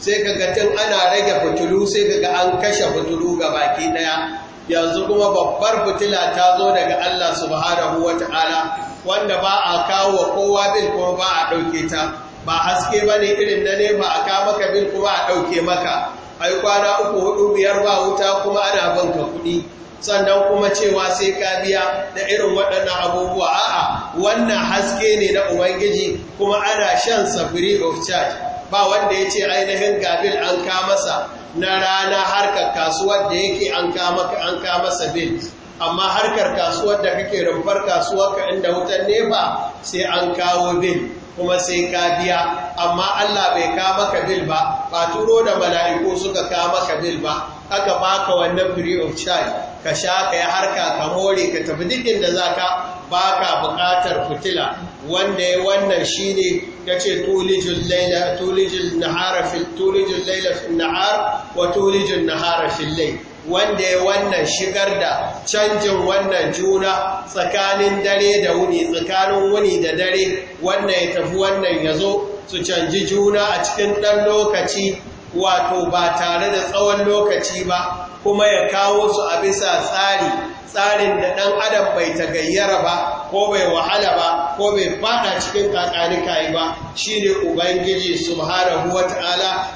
sai ka ga tun ana rage fitulu sai ka ga an kashe fitulu ga baki daya yanzu kuma babbar fitila ta zo daga Allah subhanahu ta’ala wanda ba a kawo wa kowa bil kuma ba a ɗauke ta ba haske ba ne irin na nema a ka maka bil kuma a ɗauke maka ai kwana uku hudu biyar ba wuta kuma ana banka kuɗi sannan kuma cewa sai ka biya da irin waɗannan abubuwa a'a wannan haske ne na ubangiji kuma ana shan safiri of charge ba wanda ya ce ainihin gabil an ka masa na rana harkar kasuwar da yake an kama an kama sabin amma harkar kasuwar da kake rumfar kasuwar ka inda wutar nefa sai an kawo bin kuma sai ka biya amma Allah bai kama ka bil ba ba turo da mala'iku suka kama ka bil ba aka baka wannan free of charge ka sha ka yi harka ka more ka tafi dukkan da zaka baka buƙatar fitila wanda ya wannan shine yace tulijul ce tulijin nahara fil tulijul nahar wa tulijin nahara fil wanda ya wannan shigar da canjin wannan juna tsakanin dare da wuni tsakanin wuni da dare wannan ya tafi wannan ya zo su canji juna a cikin ɗan lokaci wato ba tare da tsawon lokaci ba kuma ya kawo su a bisa tsari tsarin da ɗan adam bai ta gayyara ba ko bai wahala ba ko bai fada cikin kakanikayi ba Shi shine ubangiji subhanahu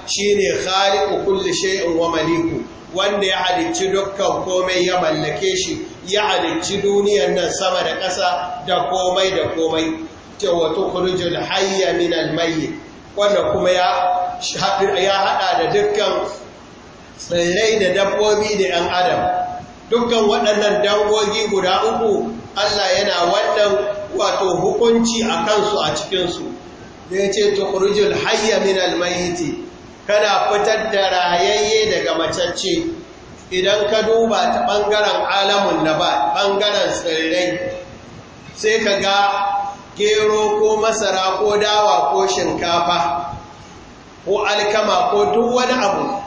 shi shine khari kulli shay'in wa maliku wanda ya halicci dukkan komai ya mallake shi ya halicci duniyar nan sama da ƙasa da komai da komai ta wato khurujul hayya min al wanda kuma ya haɗa da dukkan tsirrai da dabbobi da ‘yan adam dukkan waɗannan dangogi guda uku Allah yana wannan wato hukunci a kansu a cikinsu da ya ce tukurujul hayya min almaiti kana fitar da rayayye daga macacce idan ka duba ta ɓangaren alamun na ba ɓangaren tsirrai sai ka ga gero ko masara ko dawa ko shinkafa ko alkama ko duk wani abu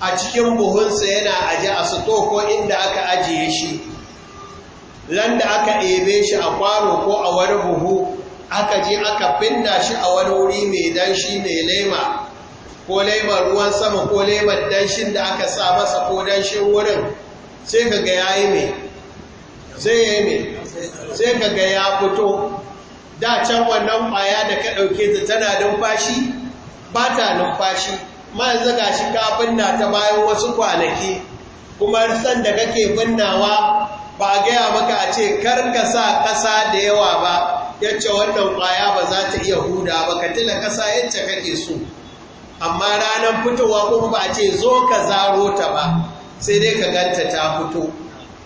a cikin buhunsa yana aje a sito ko inda aka ajiye shi landa aka ebe shi a kwano ko a wani buhu aka je aka binna shi a wani wuri mai danshi mai laima ko laimar ruwan sama ko laimar danshin da aka sa masa ko danshin wurin sai ka ga yayi mai sai yayi mai sai ka ga ya fito da can wannan kwaya da ka ɗauke ta tana numfashi ba ta numfashi ma zaga shi ka binna ta bayan wasu kwanaki kuma san da kake binnawa ba gaya maka a ce kar ka sa ƙasa da yawa ba yacce wannan ƙwaya ba za ta iya huda ba ka tila ƙasa yacce kake so amma ranar fitowa kuma ba ce zo ka zaro ta ba sai dai ka ganta ta fito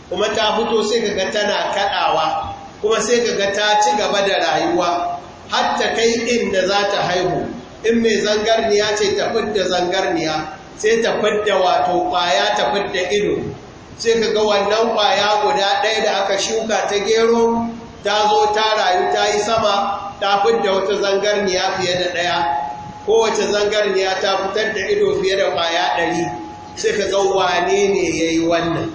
kuma ta fito sai ka ga tana kaɗawa kuma sai ka ga ta ci gaba da rayuwa har ta kai inda za ta haihu in mai zangarniya ce ta fidda zangarniya sai ta fidda wato kwaya ta fidda ido sai ka ga wannan kwaya guda ɗaya da aka shuka ta gero ta zo ta rayu ta yi sama ta fidda wata zangarniya fiye da ɗaya kowace zangarniya ta fitar da ido fiye da kwaya ɗari sai ka ga wane ne ya yi wannan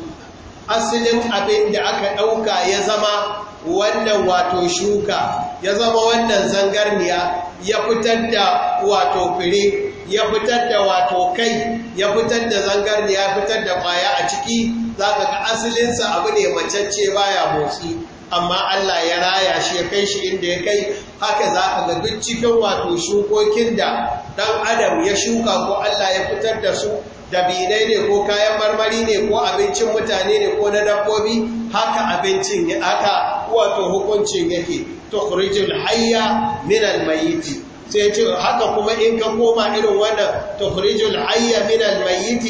asalin abin da aka ɗauka ya zama wannan wato shuka ya zama wannan zangarniya ya fitar da wato fire ya fitar da wato kai ya fitar da zangarniya ya fitar da kwaya a ciki za ka ga asalinsa abu ne macece baya motsi amma Allah ya raya shi ya kai shi inda ya kai haka za ka ga duk cikin wato shukokin da ɗan adam ya shuka ko Allah ya fitar da su dabinai ne ko kayan marmari ne ko abincin mutane ne ko na dabbobi haka abincin aka. wato hukuncin yake tukhrijul hayya min almayyit sai ce haka kuma in ka koma irin wannan tukhrijul hayya min almayyit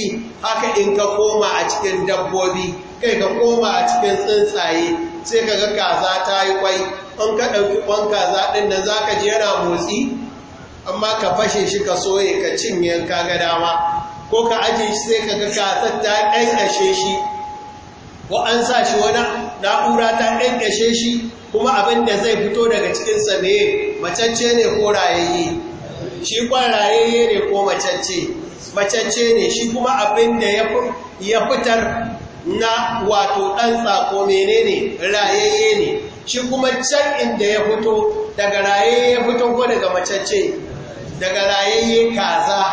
haka in ka koma a cikin dabbobi kai ka koma a cikin tsuntsaye sai kaga kaza ta yi kwai in ka dauki kwan kaza din da zaka ji yana motsi amma ka fashe shi ka soye ka cinye ka ga dama ko ka aje shi sai kaga kaza ta ashe shi ko an sa shi wani na'ura ta ƙanƙashe shi kuma abin da zai fito daga cikinsa ne macacce ne ko rayayye shi kwan rayayye ne ko macacce macacce ne shi kuma abin da ya fitar na wato ɗan tsako menene rayayye ne shi kuma can inda ya fito daga rayayye ya fito ko daga macacce daga rayayye kaza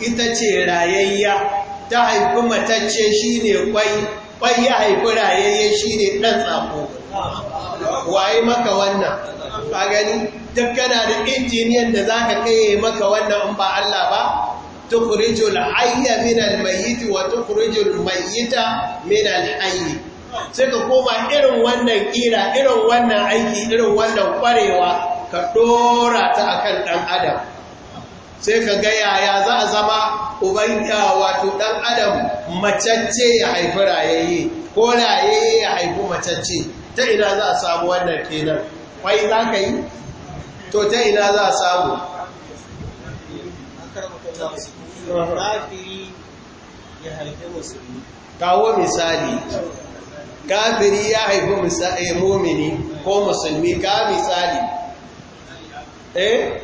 ita ce rayayya ta haifi matacce shi ne kwai bai ya haifi rayayye shi ne ɗan tsako waye maka wannan Ba gani duk kana da injiniyan da za ka kai maka wannan in ba Allah ba tukhrijul hayya min al-mayyit wa mai mayyita min al sai ka koma irin wannan kira irin wannan aiki irin wannan kwarewa ka dora ta akan ɗan adam sai ka ga yaya za a zama uban wato dan adam macacce ya haifi rayayye ko rayayye ya haifi macacce ta ina za a samu wannan kenan kwai za ka yi to ta ina za a samu kawo misali kafiri ya haifi eh, mumini ko musulmi ka misali eh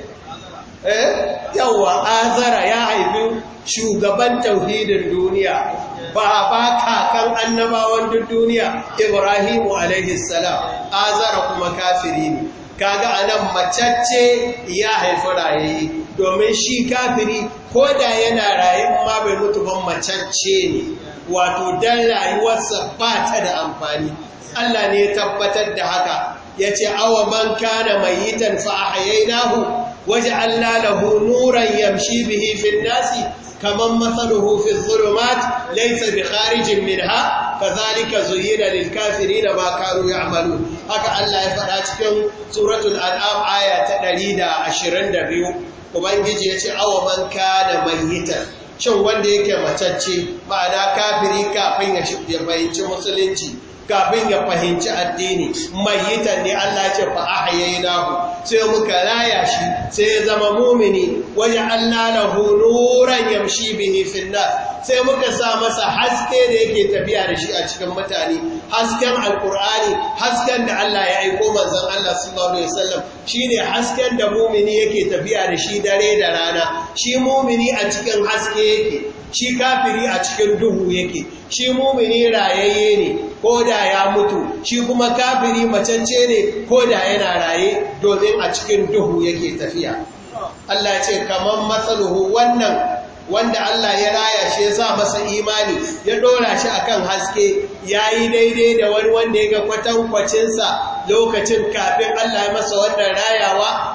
Eh? yawwa azara ya haifi shugaban tauhidin duniya ba ba kakan annabawan duk duniya ibrahimu alaihi azara kuma kafiri ne kaga anan macacce ya haifi raye domin shi kafiri ko da yana raye ma bai mutu ban macacce ne wato dan rayuwarsa ba ta da amfani Allah ne ya tabbatar da haka Ya ce awa man kana mayitan fa nahu وجعلنا له نورا يمشي به في الناس كمن مثله في الظلمات ليس بخارج منها كذلك زين للكافرين ما كانوا يعملون هكا الله يفعل cikin suratun an'am aya ta 122 ubangiji yace awa man kana hita. shin wanda yake matacce ma'ana kafiri kafin ya fahimci musulunci kafin ya fahimci addini mai yitan ne Allah ya ce fa nahu sai muka raya shi sai ya zama mumini waje Allah na hunuran yamshi bini fil sai muka sa masa haske da yake tafiya da shi a cikin mutane hasken alkur'ani hasken da Allah ya aiko manzon Allah sallallahu alaihi wasallam shine hasken da mumini yake tafiya da shi dare da rana shi mumini a cikin haske yake shi kafiri a cikin duhu yake shi mumini rayayye ne ko da ya mutu shi kuma kafiri macance ne ko da yana raye domin a cikin duhu yake tafiya Allah ce kamar matsaluhu wannan wanda Allah ya raya shi ya sa masa imani ya dora shi akan haske ya yi daidai da wani wanda ya ga kwatankwacinsa lokacin kafin Allah ya masa wannan raya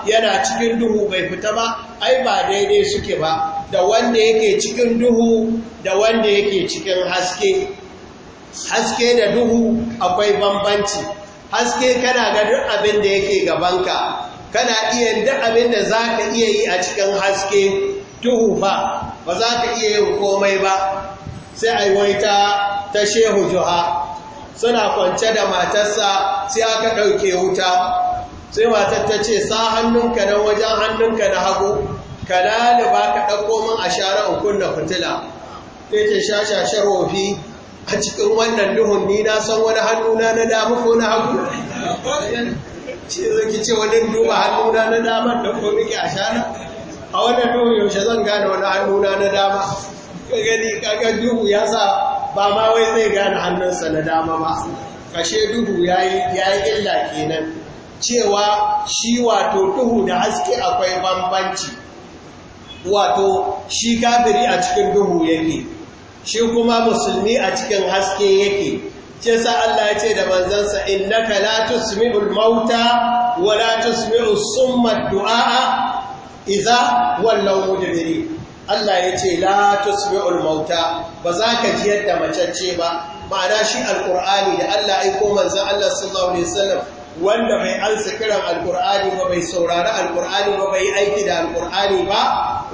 yana cikin duhu bai fita ba ai ba daidai suke ba da wanda yake cikin duhu da wanda yake cikin haske haske da duhu akwai bambanci haske kana ga duk abin da yake gabanka kana iya duk abin da za ka iya yi a cikin haske duhu fa ba za ka iya yin komai ba sai aiwaita ta shehu juha suna kwance da matarsa sai aka ɗauke wuta sai matar ta ce sa hannunka na wajen hannunka na hagu ka lalu ba ka ɗauko min a share in kunna fitila ta ce shasha sharofi a cikin wannan duhun ni na san wani hannuna na dama ko na hagu ce zai ce wani duba hannuna na dama da ko nake a share a wannan duhun yaushe zan gane wani hannuna na dama ka gani kaga duhu ya sa ba ma wai zai gane hannunsa na dama ba kashe duhu ya yi illa kenan cewa shi wato duhu da haske akwai bambanci wato shi kafiri a cikin duhu yake shi kuma musulmi a cikin haske yake ce sa Allah ya ce da manzansa innaka la tusmi'ul mauta wa la tusmi'us summa du'a idza wallaw mudbiri Allah ya ce la tusmi'ul mauta ba za ka ji yadda macece ba ma'ana shi alqur'ani da Allah aiko manzan Allah sallallahu alaihi wasallam wanda mai ansa kiran alkur'ani ba bai saurari alkur'ani ba bai aiki da alkur'ani ba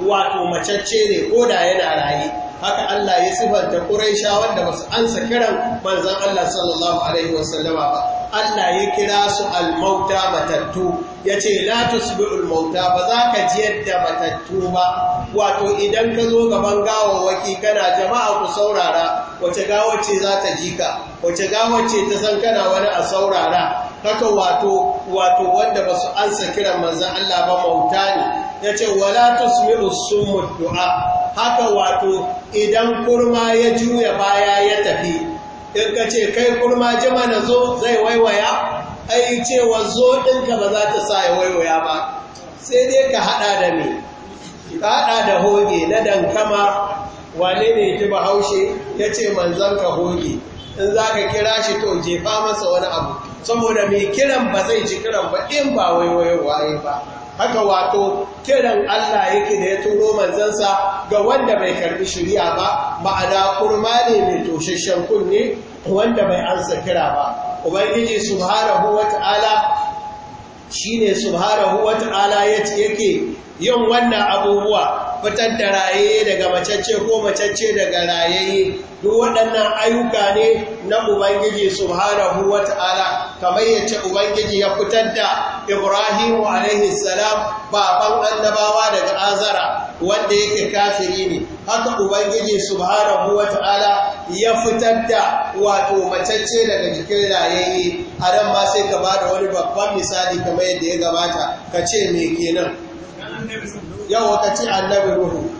wato macacce ne ko da yana raye haka Allah ya sifanta Quraisha wanda basu ansa kiran manzon Allah sallallahu alaihi wasallama ba Allah ya kira su Al-mauta matattu yace la tusbi'ul mauta ba za ka ji yadda matattu ba wato idan ka zo gaban waki kana jama'a ku saurara wace gawace za ta ji ka wace ce ta san kana wani a saurara haka wato wato wanda ba su ansa kiran manzan Allah ba mauta ne yace wala tusmiru sumu du'a haka wato idan kurma ya juya baya ya tafi in ka ce kai kurma jima na zo zai waiwaya ai cewa zo ɗinka ba za ta sa ya waiwaya ba sai dai ka haɗa da me ka haɗa da hoge na dankama wane ne ki bahaushe yace yace manzan ka hoge in za ka kira shi to jefa masa wani abu saboda mai kiran ba zai ji kiran ba in ba waiwayo waye ba haka wato kiran Allah yake da ya turo manzansa ga wanda bai karbi shirya ba ma'ana kurma ne mai toshashen kunne wanda bai ansa kira ba ubangiji subhanahu wata'ala shine subhanahu wata'ala yace yake yin wannan abubuwa fitar da raye daga macece ko macece daga rayeye. duk waɗannan ayyuka ne na ubangiji subhanahu wa ta'ala kamar yace ubangiji ya fitar da ibrahimu alaihi salam baban annabawa daga azara wanda yake kafiri ne haka ubangiji subhanahu wa ta'ala, ya fitar da wato macece daga jikin rayeye, a nan ma sai ka ba da wani babban misali kamar yadda ya gabata ka ce me kenan Yau ka ce annabi ruhu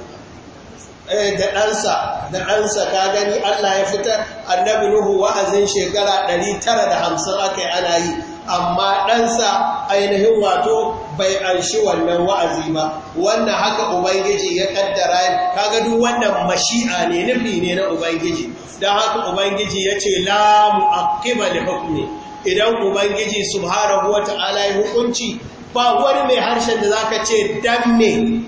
eh, da ɗansa da ɗansa ka gani Allah ya fitar annabi ruhu wa'azin shekara 950 aka yi ana yi amma ɗansa ainihin wato bai anshi wannan wa'azi ba wannan haka ubangiji ya kaddara kaga duk wannan mashi'a ne nufi ne na ubangiji don haka ubangiji ya ce lamu a li hukmi idan ubangiji su hara wata ala ya hukunci ba wani mai harshen da zaka ce dan ne?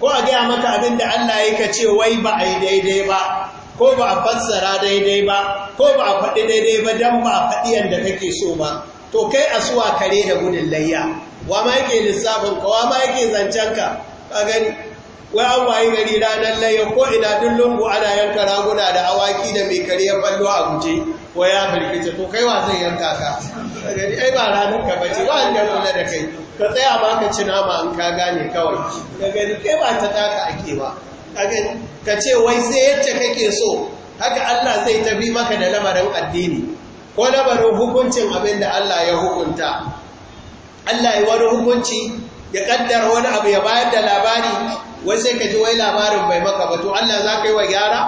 ko a gaya maka abin da Allah ya ka ce wai ba a yi daidai ba ko ba a fassara daidai ba ko ba a faɗi daidai ba don ba a faɗi yadda kake so ba to kai a suwa kare da gudun layya wa ma yake lissafin ka wa ma yake zancen ka ka gani wai an wayi gari ranar laye ko ina duk lungu ana yanka raguna da awaki da mai kare ballo a guje ko ya birkice to kai wa zai yanka ka gari ai ba ranar ka bace ba an kula da kai ka tsaya ma ka ci nama an ka gane kawai ka gari kai ba ta taka ake ba ka ce wai sai yadda kake so haka Allah zai tafi maka da lamarin addini ko lamarin hukuncin abin da Allah ya hukunta Allah ya wani hukunci ya kaddara wani abu ya bayar da labari wai sai ka ji wai labarin bai maka ba to Allah za ka yi wa gyara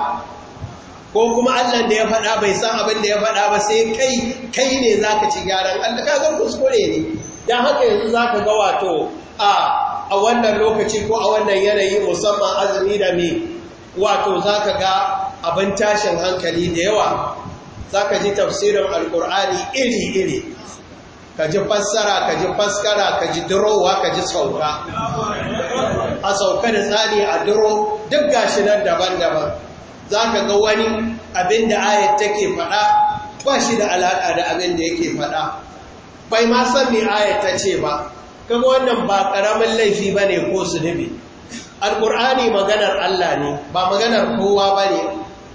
ko kuma Allah da ya faɗa bai san abin da ya faɗa ba sai kai kai ne za ka ci gyaran Allah ka ga kuskure ne dan haka yanzu za ka ga wato a a wannan lokaci ko a wannan yanayi musamman azumi da me wato za ka ga abin tashin hankali da yawa za ka ji tafsirin alkur'ani iri-iri ka ji fassara ka ji faskara ka ji durowa ka ji sauka a sauka da tsari a duro duk gashi nan daban-daban za ka ga wani abin da ayat take faɗa ba shi da alaƙa da abin da yake faɗa bai ma san me ayat ta ce ba Kuma wannan ba ƙaramin laifi ba ne ko su zunubi alƙur'ani maganar allah ne ba maganar kowa ba ne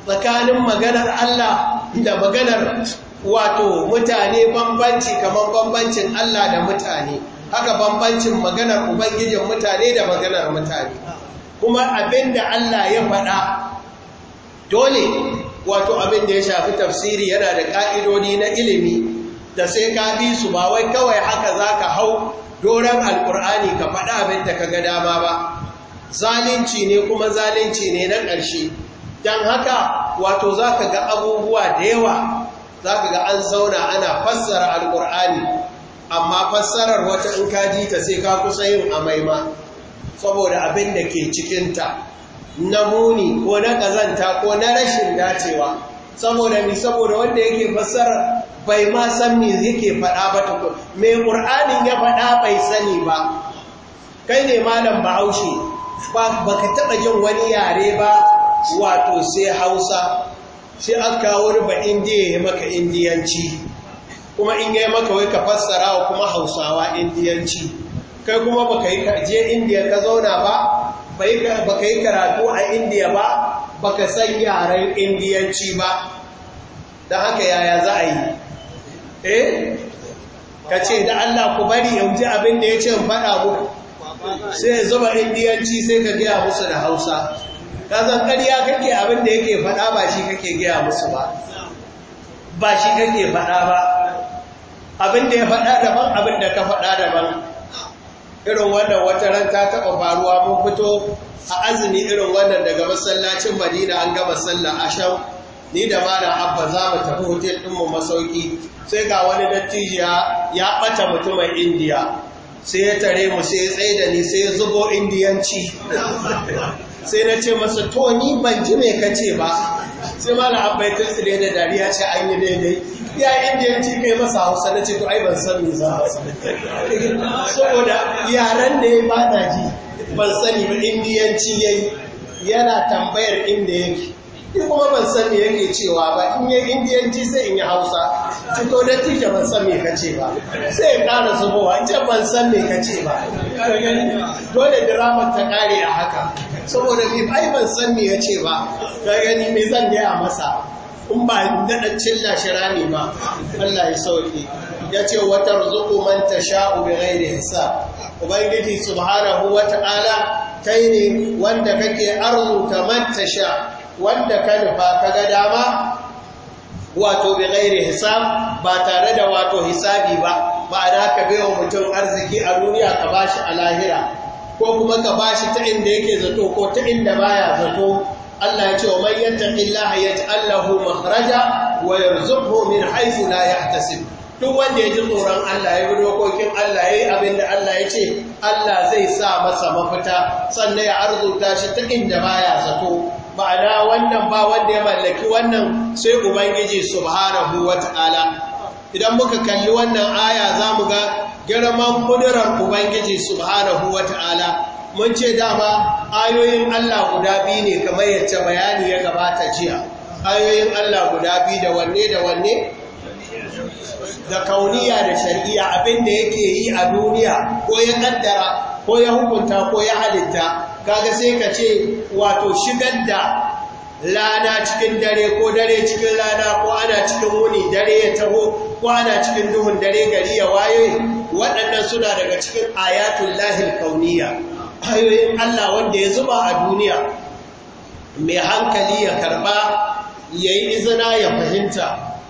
tsakanin maganar allah da maganar wato mutane bambanci kamar bambancin Allah da mutane haka bambancin maganar ubangijin mutane da maganar mutane kuma abinda Allah ya faɗa dole wato abin da ya shafi tafsiri yana da ka'idodi na ilimi da sai ka bi su ba wai kawai haka zaka hau doron alkur'ani ka faɗa abin da ka ga dama ba zalunci ne kuma zalunci ne na ƙarshe don haka wato za ka ga abubuwa da yawa za ka ga an zauna ana fassara alƙur'ani amma fassarar wata in ka ji ta sai ka kusa yin amai ma saboda abin da ke cikinta na muni ko na ƙazanta ko na rashin dacewa saboda mi saboda wanda yake fassara bai ma san me yake faɗa ba tukun mai ƙur'anin ya faɗa bai sani ba kai ne malam bahaushe ba ka taɓa jin wani yare ba wato sai hausa sai an kawo wani ba indiya ya maka indiyanci kuma in ya maka wai ka fassara wa kuma hausawa indiyanci kai kuma ba ka yi je indiya ka zauna ba ba ka yi karatu a indiya ba ba ka san yaren indiyanci ba Da haka yaya za a yi eh ka ce da allah ku bari yanzu abin da ya ce faɗa muku sai zuba indiyanci sai ka gaya musu da hausa kasan ƙarya kake abin da yake faɗa ba shi kake gaya musu ba ba shi kake faɗa ba abin da ya faɗa daban abin da ka faɗa daban irin wannan wata ran ta taɓa faruwa mun fito a azumi irin wannan daga masallacin madina an gaba sallah asham ni da malam abba za mu tafi hotel mu masauki sai ga wani dattijiya ya ɓata mutumin indiya sai ya tare mu sai ya tsaye da ni sai ya zubo indiyanci sai na ce masa to ni ban ji mai kace ba sai malam abba ta tsire da yadda dariya ce an yi daidai ya indiyanci kai masa hausa na ce to ai ban san me za saboda yaran da ya bada ji ban sani ba indiyanci yi yana tambayar inda yake in kuma ban san me yake cewa ba in yi indiyanci sai in yi hausa to da tike ban san me ce ba sai in ƙara zubowa in ce ban san me ce ba dole diramar ta ƙare a haka saboda ni ai ban san me yace ba ga gani me zan gaya masa in ba daɗa cilla shi ne ba Allah ya sauke ya ce wata rizuku man sha'u bi ghairi hisab ubangiji subhanahu wata'ala kai ne wanda kake arzuta man sha wanda ka nufa ka ga dama wato bi ghairi hisab ba tare da wato hisabi ba ma'ana ka bai wa mutum arziki a duniya ka bashi a lahira ko kuma ka bashi ta inda yake zato ko ta inda baya zato Allah ya ce wa man yattaqillaha yaj'al makhraja wa yarzuqhu min haythu la yahtasib duk wanda ya ji tsoron Allah ya bi dokokin Allah yayi yi abin da Allah ya ce Allah zai sa masa mafita sannan ya arzuta shi ta inda baya zato ma'ana wannan ba wanda ya mallaki wannan sai ubangiji subhanahu wata'ala idan muka kalli wannan aya zamu ga girman kudurar Ubangiji subhanahu wa ta'ala, mun ce dama ayoyin Allah guda biyu ne kamar yadda bayani ya gabata jiya, ayoyin Allah guda biyu da wanne da wanne? Da kauniya da shari'a abin da yake yi a duniya ko ya ƙaddara ko ya hukunta ko ya halitta, kaga sai ka ce wato shigar da rana cikin dare ko dare cikin rana ko ana cikin wuni dare ya taho ko ana cikin duhun dare gari ya waye waɗannan suna daga cikin ayatul lahil kauniya ayoyin Allah wanda ya zuba a duniya mai hankali ya karba ya yi izina ya fahimta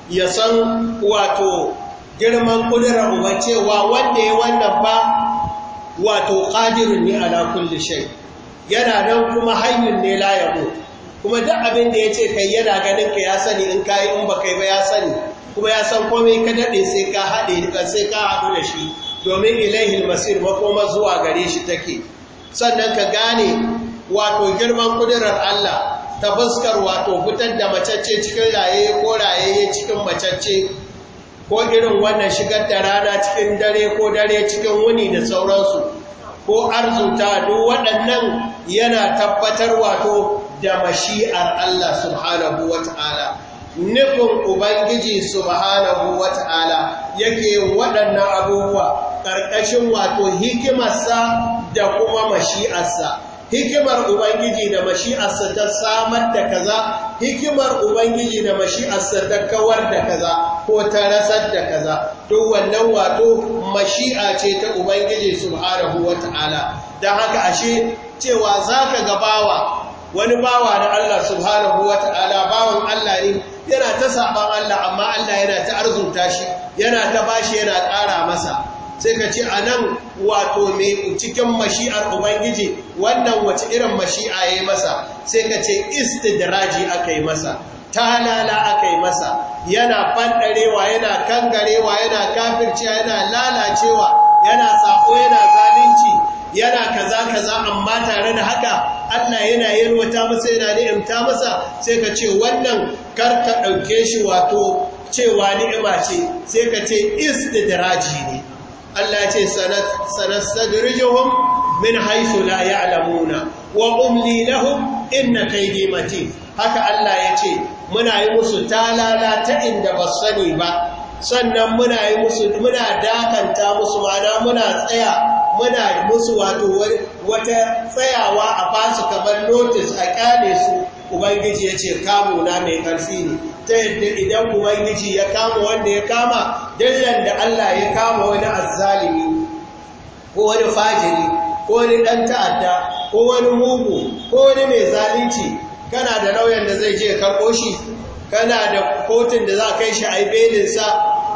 ya san wato girman kudura uba cewa wanda ya wannan ba wato ƙadirin ne ala kulli shai yana nan kuma hanyar ne la kuma duk abin da ya ce kai yana ganin ka ya sani in ka yi in ba kai ba ya sani kuma ya san komai ka daɗe sai ka haɗe sai ka haɗu da shi domin ilaihil masir makoma zuwa gare shi take sannan ka gane wato girman kudurar Allah ta fuskar wato fitar da macacce cikin raye ko raye cikin macacce ko irin wannan shigar da rana cikin dare ko dare cikin wuni da sauransu ko arzuta duk waɗannan yana tabbatar wato da mashi'ar Allah subhanahu wa ta'ala, nufin ubangiji subhanahu wa ta'ala, yake waɗannan abubuwa ƙarƙashin wato hikimarsa da kuma mashi'arsa hikimar ubangiji da mashi'arsa ta samar da kaza hikimar ubangiji da mashi'arsa ta kawar da kaza ko ta rasar da kaza duk wannan wato mashi'a ce ta ubangiji subhanahu wata'ala don haka ashe cewa za ka gabawa wani bawa da Allah subhanahu wa ta'ala bawan Allah ne yana ta saɓan Allah amma Allah yana ta arzuta shi yana ta bashi yana ƙara masa sai ka ce a nan wato mai cikin mashi'ar Ubangiji wannan wace irin mashi'a ya masa sai ka ce istidraji aka yi masa talala aka yi masa yana fanɗarewa yana kangarewa yana kafirciya yana lalacewa yana saƙo yana zalunci yana kaza kaza amma tare da haka Allah yana yarwata masa yana ni'imta masa sai ka ce wannan kar ka ɗauke shi wato cewa ni'ima ce sai ka ce istidraji ne Allah ce sanastadrijuhum min haythu la ya'lamuna wa umli lahum inna kaydi matin haka Allah ya ce muna yi musu talala ta inda ba sani ba sannan muna yi musu muna dakanta musu ma'ana muna tsaya muna musu wato wata tsayawa a basu kamar notice a kyale su ubangiji ya ce na mai ƙarfi ne ta yadda idan ubangiji ya kama wanda ya kama dillan da Allah ya kama wani azzalimi ko wani fajiri ko wani ɗan ta'adda ko wani mugu ko wani mai zalunci kana da lauyan da zai je karɓo shi kana da kotun da za a kai shi a yi belinsa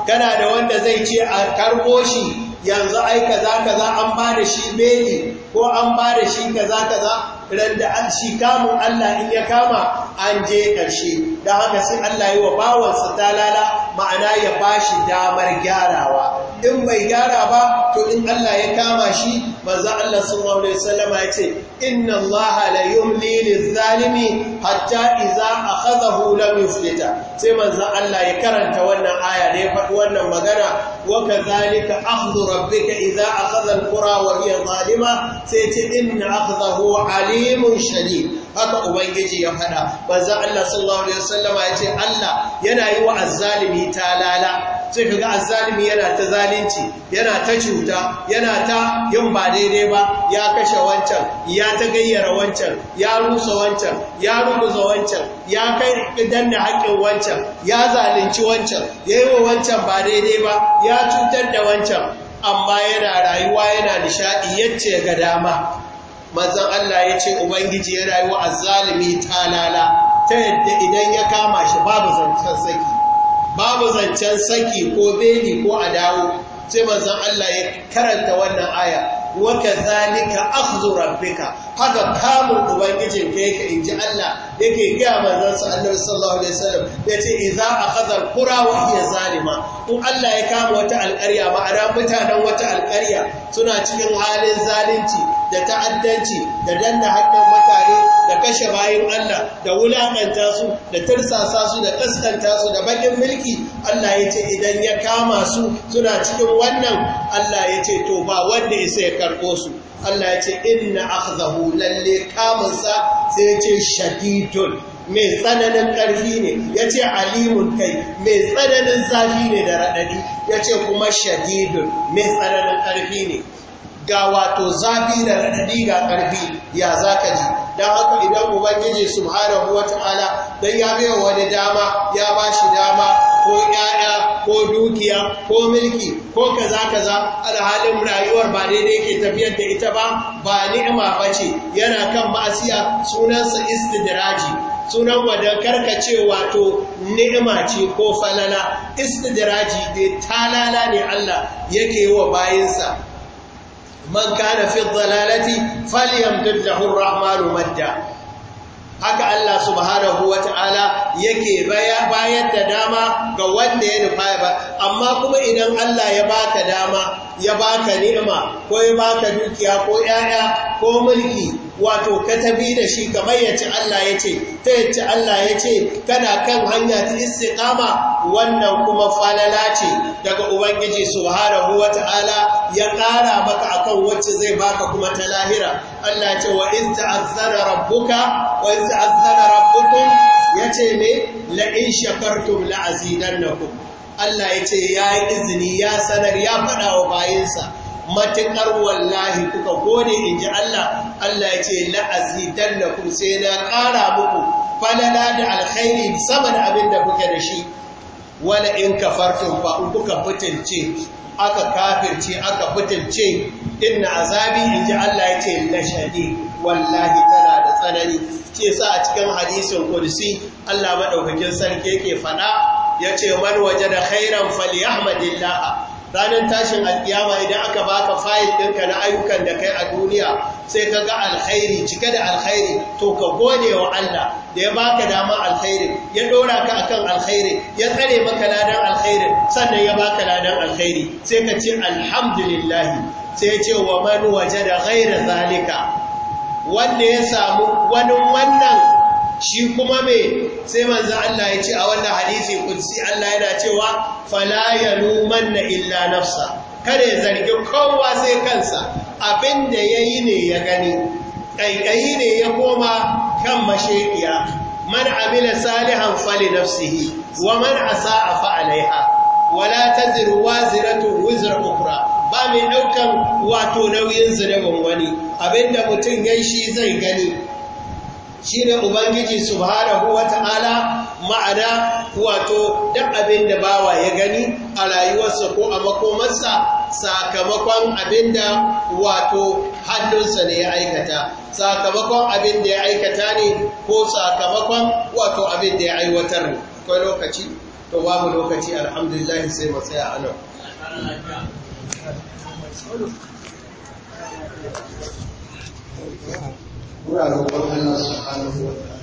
kana da wanda zai ce a karɓo shi yanzu ai kaza kaza an ba da shi beli ko an ba da shi kaza kaza randa an shi kamun Allah in ya kama an je ƙarshe don haka sai Allah yi wa bawansa talala ma'ana ya ba shi damar gyarawa in bai gyara ba to in Allah ya kama shi maza Allah sallallahu alaihi wasallama ce, inna Allah la yumli zalimi hatta iza akhadahu lam yuflita sai manzo Allah ya karanta wannan aya da ya faɗi wannan magana wa kadhalika akhdhu rabbika iza akhadha al-qura wa hiya zalima sai yace inna akhdahu alim alimun shari haka ubangiji ya faɗa banzan Allah sallallahu alaihi wasallama ya ce Allah yana yi wa azzalimi talala sai kaga azzalimi yana ta zalunci yana ta cuta yana ta yin ba daidai ba ya kashe wancan ya ta gayyara wancan ya rusa wancan ya rubuza wancan ya kai gidan da haƙƙin wancan ya zalunci wancan ya yi wa wancan ba daidai ba ya cutar da wancan amma yana rayuwa yana nishadi yacce ga dama manzon Allah ya ce ubangiji ya rayuwa azzalimi talala ta yadda idan ya kama shi babu zancen saki babu zancen saki ko beli ko adawo sai manzon Allah ya karanta wannan aya wa kadhalika akhdhu rabbika haka kamun ubangijin ka yake in ji Allah yake gaya manzansa annabi sallallahu alaihi wasallam ya ce idza akhadha alqura wa hiya zalima in Allah ya kama wata alƙarya ma'ana mutanen wata alƙarya suna cikin halin zalunci da ta'addanci da danna haƙƙin mutane da kashe bayin Allah da wulaƙanta su da tirsasa su da kaskanta su da bakin mulki Allah ya ce idan ya kama su suna cikin wannan Allah ya ce to ba wanda ya sai karɓo su Allah ya ce inna akhdahu abu lalle kamunsa sai ce shadidun mai tsananin ƙarfi ne ya ce alimun kai mai tsananin zafi ne da raɗaɗi ya ce kuma shadidun mai tsananin ƙarfi ne ga wato zafi da raɗaɗi ga ƙarfi ya za ka ji don haka idan ubangiji subhanahu wata'ala don ya bai wani dama ya ba shi dama ko ƴaƴa ko dukiya ko mulki ko kaza kaza alhalin rayuwar ba daidai ke tafiyar da ita ba ba ni'ima ba ce yana kan ma'asiya sunansa istidraji sunan karka ce wato ni'ima ce ko falala istidraji da eh, talala ne Allah yake yi wa bayinsa man kana fi dhalalati falyamdud lahu ar-rahmanu madda haka Allah subhanahu wata'ala yake bayar da dama ga wanda ya nufa ba amma kuma idan Allah ya baka dama ya baka ni'ima ko ya baka dukiya ko yaya ko mulki wato ka tafi da shi kamar yace Allah yace ta yace Allah yace kana kan hanya ta istiqama wannan kuma falala ce daga ubangiji subhanahu wataala ya ƙara maka akan wacce zai baka kuma ta lahira Allah ya ce wa in ta'azzara rabbuka wa in ta'azzara rabbukum yace ne la in shakartum la azidannakum Allah ya ce ya yi izini ya sanar ya faɗawa wa bayinsa matuƙar wallahi kuka gode in ji Allah Allah ya ce la'azidan da sai na ƙara muku falala da alkhairi sama da abin da kuka da shi wala in ka fa in kuka butance, aka kafirce aka In na azabi in ji Allah ya ce na shadi wallahi tana da tsanani ce sa a cikin hadisin kursi Allah maɗaukakin sarki yake faɗa yace man waje da khairan falyahmadillah ranar tashin alkiyama idan aka baka fayil ɗinka na ayyukan da kai a duniya sai ka ga alkhairi cike da alkhairi to ka gode wa Allah da ya baka dama alkhairi ya ɗora ka akan alkhairi ya tsare maka ladan alkhairi sannan ya baka ladan alkhairi sai ka ce lillahi, sai ya ce wa man waje da ghaira zalika wanda ya samu wani wannan shi kuma me sai manzo Allah ya ce a wannan hadisi kudsi Allah yana cewa fala na illa nafsa kada ya zargi kowa sai kansa abinda yayi ne ya gani kaikayi ne ya koma kan mashekiya man amila salihan fali nafsihi wa man asaa fa alaiha wala taziru waziratu wizra ukra ba mai daukan wato nauyin zunubin wani abinda mutum yayi zai gani Shi ne ubangiji subhanahu wata'ala ma'ana wato don abin da bawa ya gani a rayuwarsa ko a makomarsa sakamakon abin da wato hannunsa ne ya aikata sakamakon abin da ya aikata ne ko sakamakon wato abin da ya aiwatar ne kai lokaci to babu lokaci alhamdulillahi sai mu a nan Thank wuraren Allah subhanahu wa ta'ala